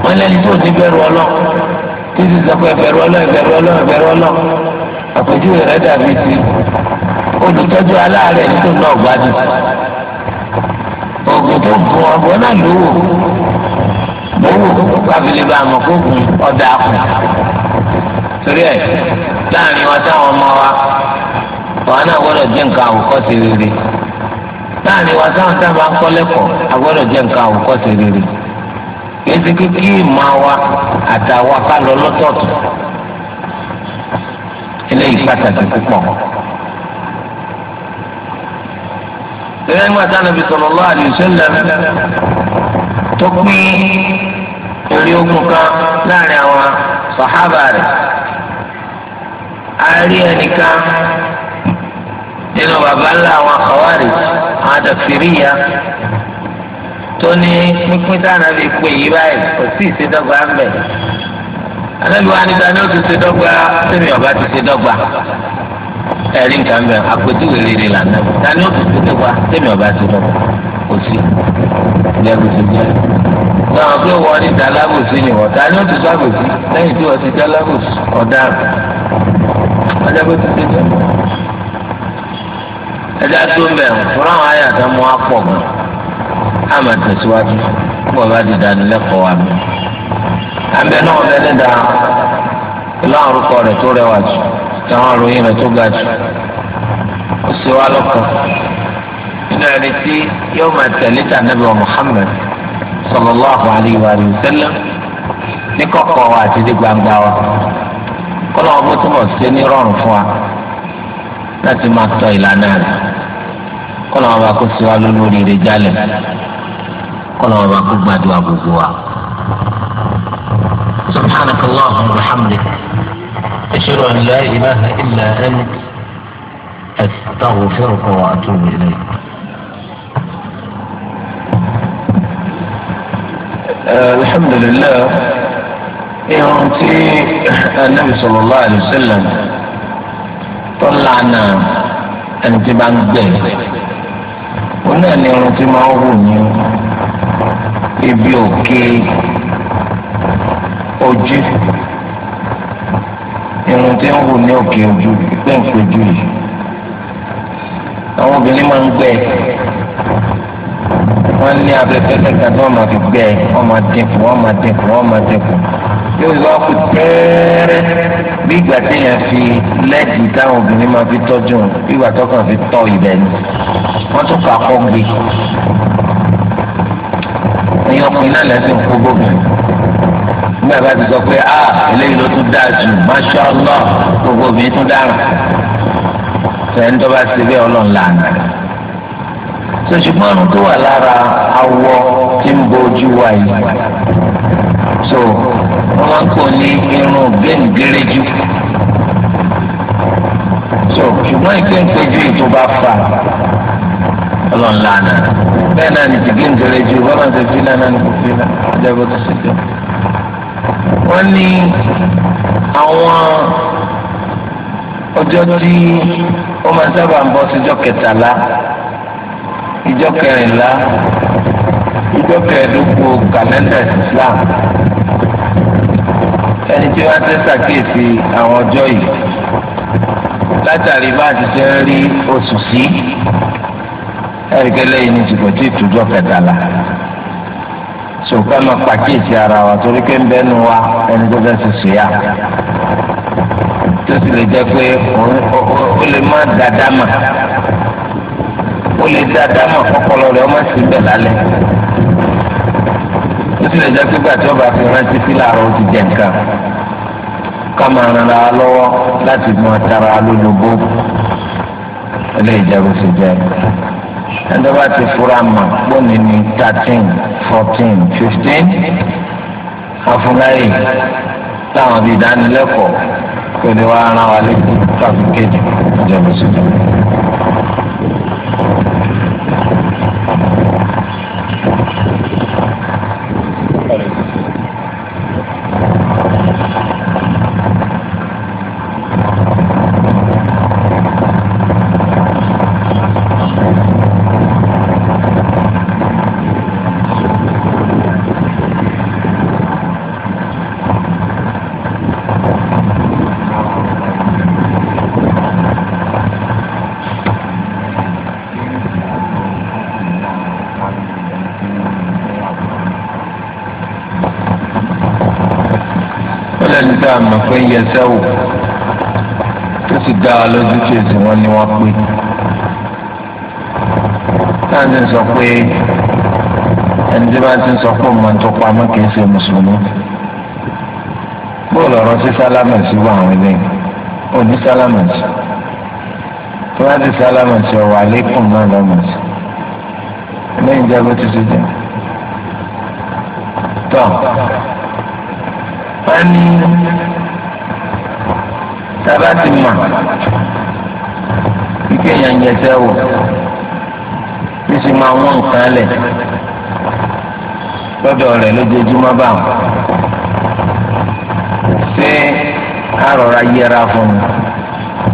wọ́n lẹ́ni tó ti bẹ̀rù ọlọ́ títí sọ́kọ́ ìbẹ̀rù ọlọ́ ìbẹ̀rù ọlọ́ ìbẹ̀rù ọlọ́ àpèjúwe rẹ̀ dàbí ti olùtọ́jú aláàárẹ̀ tó ń lọ gbádùn oògùn tó gun ọgbọ́n náà lówó lówó kábílẹ̀ bá àmọ́ kó gun ọ̀dà kù torí ẹ̀ láàrin wa táwọn ọmọ wa. àwa náà gbọ́dọ̀ jẹ́ nǹkan rere láàrin wa táwọn sábà ń kọ́ lẹ́kọ̀ọ́ a gbọ́dọ̀ jẹ́ rere kéde kíkí ìmọ̀ wa àtàwa ká lọ eléyìí pàtàkì púpọ̀. ìrẹ́ nígbà táwọn ẹbí sọ̀rọ̀ lọ́wọ́ àdìsẹ́ tó pín orí ogun kan láàrin àwọn rẹ̀ a rí ẹnìkan. nínú bàbá ńlá àwọn àkọwárì àwọn àdàfíríyà tó ní pínpín dáná lè pè yí báyìí kò sí ìṣèdọ́gba ń bẹ̀. anábì wa níta ni ó ti ṣe dọ́gba sẹ́mi ọ̀gá ti ṣe dọ́gba ẹ̀rí nǹkan bẹ̀ àpèjúwe rere lànà ta ni ó ti ṣe dọ́gba sẹ́mi ọ̀gá ti dọ́gba kò sí ìyẹ́bù ti jẹ́. náà pé wọ́n ní ta lábòsí ni wọ́n ta ni ó ti sọ àbòsí lẹ́yìn tí wọ́n ti jẹ́ lábòsí ọ̀daràn ọjọ́ bó ti ṣe jẹ́ ẹja tó bẹ̀ fúnra àwọn àyà tó mú apọ̀ gan á máa tẹ̀síwájú kí wọ́n bá di ìdánilẹ́kọ̀ọ́ wa mi. àbẹ náà bẹ níta pẹ̀lú àwọn orúkọ rẹ̀ tó rẹwà jù táwọn àròyìn rẹ̀ tó ga jù ó sì wá lọ́kàn nínú ẹni tí yóò máa tẹ̀lé tànàbí wa Muhammad sallallahu alayhi wa sallam ní kọ̀kọ̀ wa àti ní gbangba wa kọ́lọ́wọ́ bó túbọ̀ sí ní rọrùn fún wa. láti máa tọ ìlànà rẹ̀ kọ́nà wọn bá kó síwá lórí rẹ̀ jálẹ̀ kọ́nà wọn bá kó gbàdúrà gbogbo wa. سبحانك اللهم وبحمدك أشهد أن لا إله إلا أنت أستغفرك وأتوب إليك الحمد لله يوم تي النبي صلى الله عليه وسلم tọ́lá náà ẹni tí bá ń gbẹ̀ òun náà ni irun tí máa ń hù ní ibi òkè ojú irun tí ń hù ní òkè ojú pẹ́ǹpẹ́ ojú yìí àwọn obìnrin máa ń gbẹ wọ́n ní abẹ́fẹ́ kẹta tí wọ́n máa fi gbẹ wọ́n máa dínkù wọ́n máa dínkù wọ́n máa dínkù yóò yọ ọkù tẹ́ẹ́rẹ́ bí ìgbà téèyàn fi lẹ́ẹ̀dì táwọn obìnrin máa fi tọ́jú bí ìgbà tọkàn fi tọ́ ibẹ̀ ni wọ́n tún kà kọ́ gbé ẹ̀yin ọkùnrin náà lẹ́sìn kú gómìnà nígbà bá ti sọ pé a ah, eléyìí ló tún dáa jù masha allah gbogbo obìnrin tún dára sẹ́yìn tó bá ti bẹ́ẹ̀ ọlọ́run lànà sọ̀ṣùgbọ́n ọ̀run tó wà lára awọ tí ń bo ojú wa yìí so wọ́n máa ń kó ní irun bẹ́ẹ̀ni gẹ́rẹ́jú. so ṣùgbọ́n ìkéǹkéjú ètò bá fà ọlọ́run lánàá bẹ́ẹ̀ náà ní tìgé gẹ́rẹ́jú bọ́lá ṣe fi náà ní kò fi náà ọjọ́ ìbò tó ṣe jọ. wọ́n ní àwọn ọjọ́ tí ó máa sábà ń bọ́ síjọ́ kẹtàlá ìjọ kẹrìnlá ìjọ kẹẹ̀ẹ́dógún kàlẹ́ndà Islam ẹni tí wọ́n ti ṣàkíyèsí àwọn ọjọ́ yìí látàrí bá a ti ṣe ń rí oṣù sí ẹ̀ríkẹ́lẹ́ yìí ni jìbọ̀ tí ìtújọ́ kẹtàlá sọ̀kọ́ máa pàkíyèsí ara wa torí pé ń bẹ́nu wa ẹni tó fẹ́ ṣiṣẹ́ yá tó sì lè jẹ́ pé ó lè má dáadáa mà ó lè dáadáa mà kọ́kọ́ lọ rẹ̀ ó sí bẹ̀ lálẹ́ tilẹ̀ jẹ́ pé gbàtí ọba fi rántí sí làárọ̀ ti jẹ nǹkan ká máa ran ara lọ́wọ́ láti mọ tara lólobó ẹlẹ́yìí ti jẹ ẹjọ́ bá ti fura mọ̀ pọ́nì ní thirteen fourteen fifteen afúnáyè láwọn bíi ìdánilẹ́kọ̀ọ́ pẹ̀lú wa ara wa lẹ́kọ̀ọ́ fàfikẹ́jì ẹjọ́ ti jẹ. tá a mọ̀ pé yẹsẹ́ wò tó sì dá a lójú tí èsì wọn ni wọ́n pé táà ti sọ pé ẹni tí bá ti sọ pé òun máa tó pamọ́ kìí ṣe mùsùlùmí bóòlù ọ̀rọ̀ sí sálámẹ̀sì wà àwọn ilé òní sálámẹ̀sì tí wọ́n ti sálámẹ̀sì ọ̀wà lẹ́kùn náà lọ́mọ̀sì lẹ́yìn jágbó títí dé tọ́ wọ́n ní tàbá ti mọ̀ kíkẹ́ yẹn yẹn tẹ́ wò kí sì máa wọ́n nǹkan lẹ̀ lọ́dọ̀ rẹ̀ lójoojúmọ́ bá wọn. ṣé àròra yẹra fún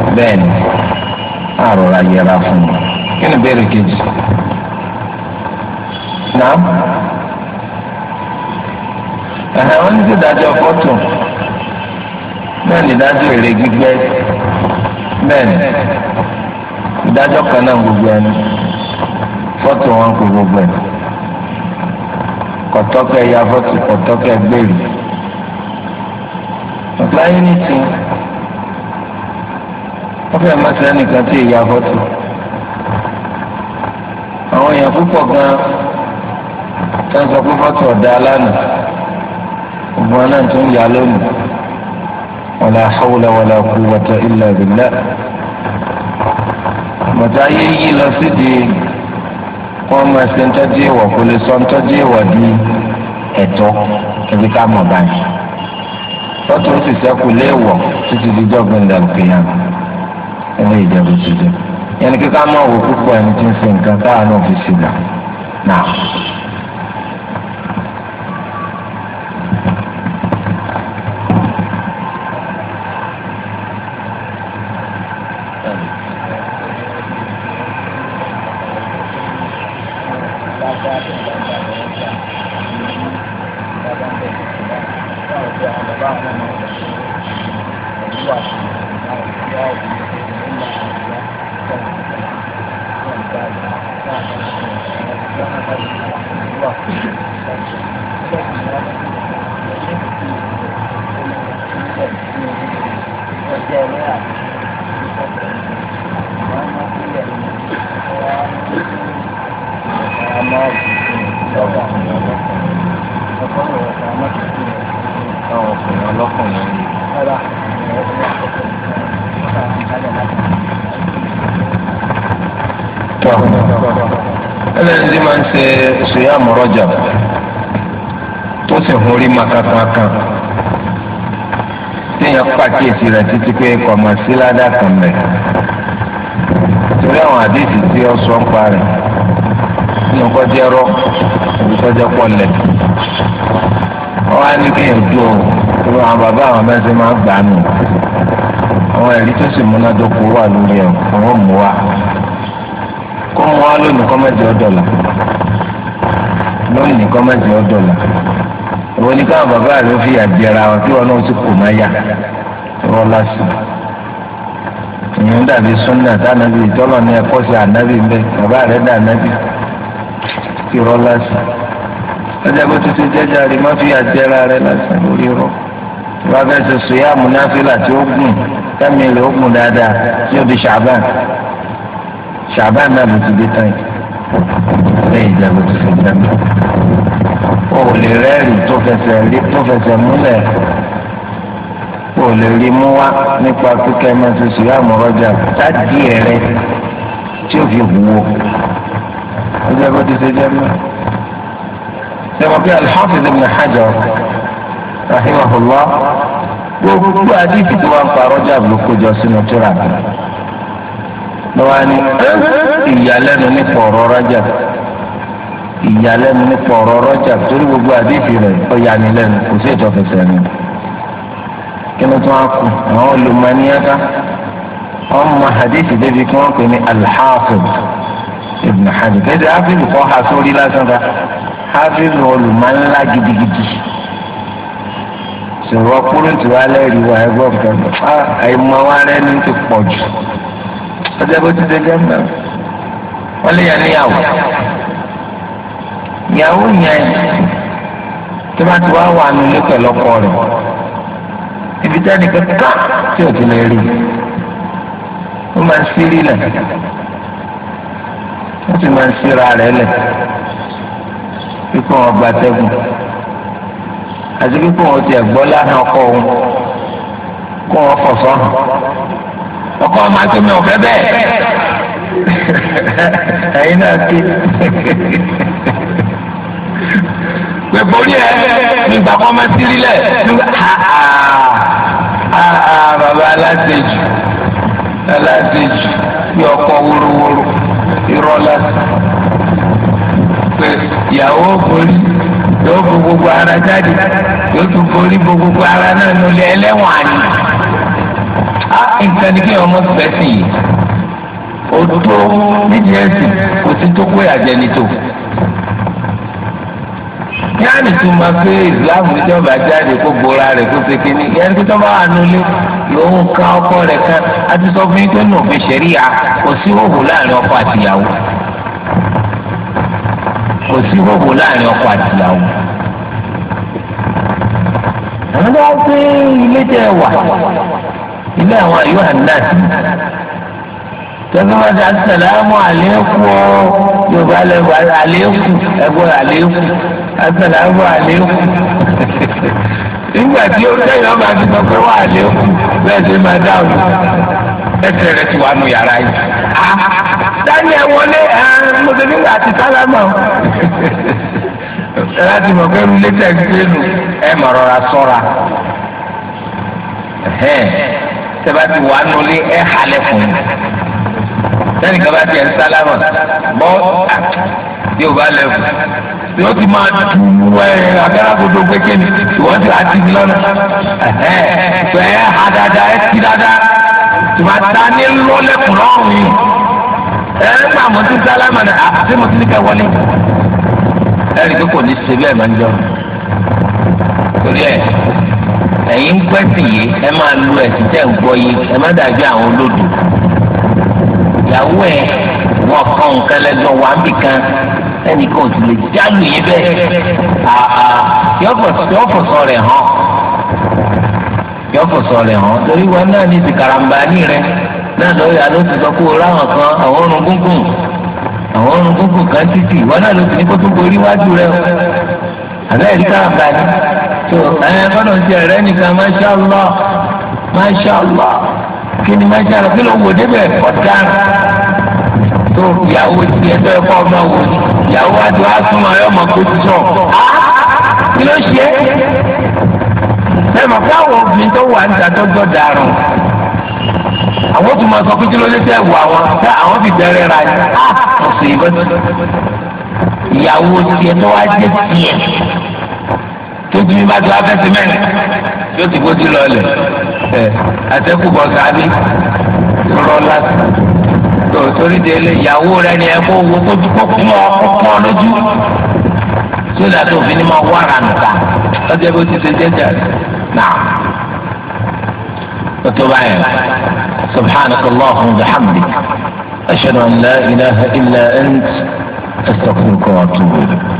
mi bẹ́ẹ̀ ni àròra yẹra fún mi kí ni bẹ́ẹ̀ rẹ̀ kejì náà. ní ìdájọ́ fọ́tò bẹ́ẹ̀ ní ìdájọ́ èrè gbígbẹ́ bẹ́ẹ̀ ní ìdájọ́ kan náà gbogbo ẹni fọ́tò wọn kò gbogbo ẹni kọ̀tọ́kẹ́ ya fọ́tò kọ̀tọ́kẹ́ gbèrè ọ̀pá yín ní ti wọ́n fẹ́ẹ́ máa ṣe nìkan tí ìyá fọ́tò àwọn èèyàn púpọ̀ gan-an tó ń sọ pé fọ́tò ọ̀dà lánàá ṣùgbọ́n náà tún yà lónìí wàlá hawla wàlá quwwata illa billah bàtà ayé yí lọ sídìí wọn máa ṣe ń tọ́jú ìwọ̀ kó lè sọ ń tọ́jú ìwọ̀ di ẹ̀tọ́ ẹbí ká mọ̀ báyìí lọ́tún sì sẹ́kù léèwọ̀ títí di jọ́gbìn dàgbìyàn ẹni ìjẹ̀bù tuntun yẹn ni kíkà máa wò púpọ̀ ẹni tí ń ṣe nǹkan táwọn náà fi ṣìgbà náà. síyàmù rọjà tó sì hun rí makakankan téèyàn pàkíyèsí rẹ̀ títí pé kọ̀mọ̀ sí ládàá kan mẹ́ torí àwọn àdéhìí tí ó sọ ń pa rẹ̀ nínú kọjá rọ àbí kọjá pọlẹ̀ wọ́n á ní kéèyàn dùn ó torí àwọn bàbá àwọn mẹ́sẹ̀ máa ń gbà nù àwọn ẹ̀rí tó sì múnádóko wà lórí ẹ̀ àwọn mú wa kó mú wa lónìí kọ́mẹ́jì ọ̀dọ́là lórí nìkan má jẹ́ ọ̀dọ̀ la ìwọ ni káwọn bàbá rẹ fi àjẹra wọn tí wọn náà sì kò má yà wọn lásìkò ìyẹn dàbí súnà tánàbí ìtọ́lọ̀ ní ẹ̀kọ́ sí ànábì ń bẹ bàbá rẹ dà ànábì ti rọ lásìkò ọjà bó ti ti jẹjà rí má fi àjẹra rẹ lásìkò lórí rọ wọn fẹẹ ṣe sùn yá múnáfílà tí ó gùn tẹmí ó gùn dáadáa tí di ṣàbàn ṣàbàn náà ló ti dé tán yìí lẹ́yìn ìjẹun tó fi jẹun o ò lè rẹ́ẹ̀rì tó fẹsẹ̀ rí tó fẹsẹ̀ múlẹ̀ o ò lè rí mú wá nípa kíkẹ́ máa ṣe sùúrù àmọ́rọ́jà táàdì ẹ̀rẹ́ tí ó fi wù ó ọjọ́ bó ti ṣe jẹ́ sẹ́wọ́n bí al ibn Hajar rahimahullah gbogbo àdìsí tó wà ń pa rọ́jà sínú tíra lọ́wọ́ ni ìyàlẹ́nu nípa ọ̀rọ̀ rájà ìyàlẹ́nu nípa ọ̀rọ̀ rájà torí gbogbo àdéhìí rẹ̀ ọ̀yanilẹ́nu kò sí ìtọ́fẹsẹ̀ ni kí ló tún á kú àwọn olùmọ̀nìyàká wọ́n mọ àdéhìí débi kí wọ́n pè ní alḥafiz ibn hajar kẹ́sì hafiz kọ́ ha sórí lásán ta hafiz olùmọ̀nlá gidigidi sọ̀rọ̀ kúrò tí wàá lẹ́rìí wà ẹgbẹ́ ọ̀gá àìmọ̀ wa rẹ̀ ní ti pọ̀ jù ọjọ́ bó ti dé gẹ́gẹ́ náà wọ́n lè yàn níyàwó ìyàwó yẹn tó bá ti wá wà nù ilé pẹ̀lú ọkọ rẹ̀ ibi jáde kankan tí ò ti lè rí ó máa ń sírí lẹ̀ ó sì máa ń síra rẹ̀ lẹ̀ kíkọ́ ọgbà tẹ́gùn àti kíkọ́ wọn ti ẹ̀gbọ́ láhàn ọkọ òun kó wọn fọ̀ sọ́hàn ọkọ ọmọ akéwìn ọ̀fẹ́ bẹ́ẹ̀ ẹ̀yin náà ké gbẹ̀gbẹ̀ orí ẹ̀ nígbà kan máa ti rí lẹ̀ nígbà bàbá aláṣejù aláṣejù bí ọkọ wórówóró irọ́ lásán pé ìyàwó borí yóò bo gbogbo ara jáde yóò tún borí bo gbogbo ara náà lólè ẹlẹ́wọ̀n àná. a nǹkan ni kí ọmọ fẹ́ sí yìí. ó tó nídìí ẹ̀sìn kò sí tó pé àjẹnitò. tó máa islam níjọba jáde kó gbóra rẹ̀ kó ṣe kínní yẹn tó tọ́ba wà nulẹ̀ ọkọ rẹ̀ ka a ti sọ fún yín pé kò sí òwò ọkọ àtìyàwó kò sí òwò láàrin ọkọ àtìyàwó àwọn ilé wà ilé àwọn àyọ tẹnumọdà sàlámù àlékún ọ yorùbá lẹwà àlékún ẹgbẹ àlékún asàlámù àlékún nígbà tí ó dẹ́yìn ọba ti sọ pé wà àlékún bẹ́ẹ̀ ṣe máa dáhùn ẹsẹ̀ rẹ ti wà nù yàrá yìí ah, dání ẹ wọlé ẹ ah, mọ̀tẹ́bí gbà ti sálámà o láti mọ̀ pé létà gbé nu ẹ mọ̀rọ̀ ra sọ́ra tẹ́bá ti wà nulẹ̀ sani kaba tiẹ̀ ń sálámà bọ́ tí o bá lẹ́kùn tí o ti máa dùn ẹ agbára gbogbo pékè ni ìwọ́n ti àti ní lọ́nà ẹ ẹ ha dada ẹ ti dada tùmọ̀tà ní lọ́lẹ́kùn lọ́rùn yìí ẹ ń gbà mọ́ tí sálámà náà àti mọ́ tí ní kẹ́ wọlé ẹ rí i pé kò ní ṣe bẹ́ẹ̀ máa ń jọ torí ẹ̀yin gbẹ́sìn yìí ẹ máa lu ẹ̀sìn tẹ̀ ń gbọ́ yìí ẹ má dàbí àwọn olódò ìyàwó ẹ̀ wọ́n kọ́ nǹkan lẹ́jọ́ wà mí kan ẹnì kan ò sì lè jálù yín bẹ́ẹ̀ yọ fọ̀sọ̀ rẹ̀ hàn yọ fọ̀sọ̀ rẹ̀ hàn torí wọn náà ní ti karambani rẹ̀ náà lórí àlọ́ ti sọ pé o ráhàn kan àwọn ọ̀run gúngùn àwọn ọ̀run gúngùn kan títì wọn náà ló ti ní kó tó borí wájú rẹ̀ o àbẹ́ ẹ̀rí karambani tó ẹ̀ gbọ́dọ̀ ti ẹ̀rẹ́ nìkan máṣá Allah máṣá Allah kíni máa jẹ́ àrùn kí ló wò débẹ̀ ọ̀daràn tó ìyàwó ti ẹ̀dọ́ ẹ̀kọ́ ọmọ wò ìyàwó àti wàá súnmọ́ ayọ́ ọmọ kò sọ kí ló ṣe é ẹ̀mọ̀ káwọn obìnrin tó wà ń dàdọ́gbọ́ dàrún àwọn tó máa sọ pé kí ló dé tẹ́ wọ àwọn tá àwọn fi bẹ̀rẹ̀ ra ni ah, ọ̀sẹ̀ ìbọn ìyàwó tiẹ̀ tó wá jẹ́ tiẹ̀ tó bí mi bá tó wá fẹ́ sí mẹ́rin yóò ti bó ti lọ lẹ̀ ẹ̀ àtẹkùbọ gàdí rọlá tó torí délé ìyàwó rẹ ni ẹ kó wo kó pọ́n pọ́n lójú sódà tó fi ni máa wára nìta lọ́jọ́ bó ti ṣe jẹ́jẹ́ náà ó tó báyìí subhanaka allahumma wa bihamdika ashhadu an la ilaha illa ant astaghfiruka wa atubu ilayk.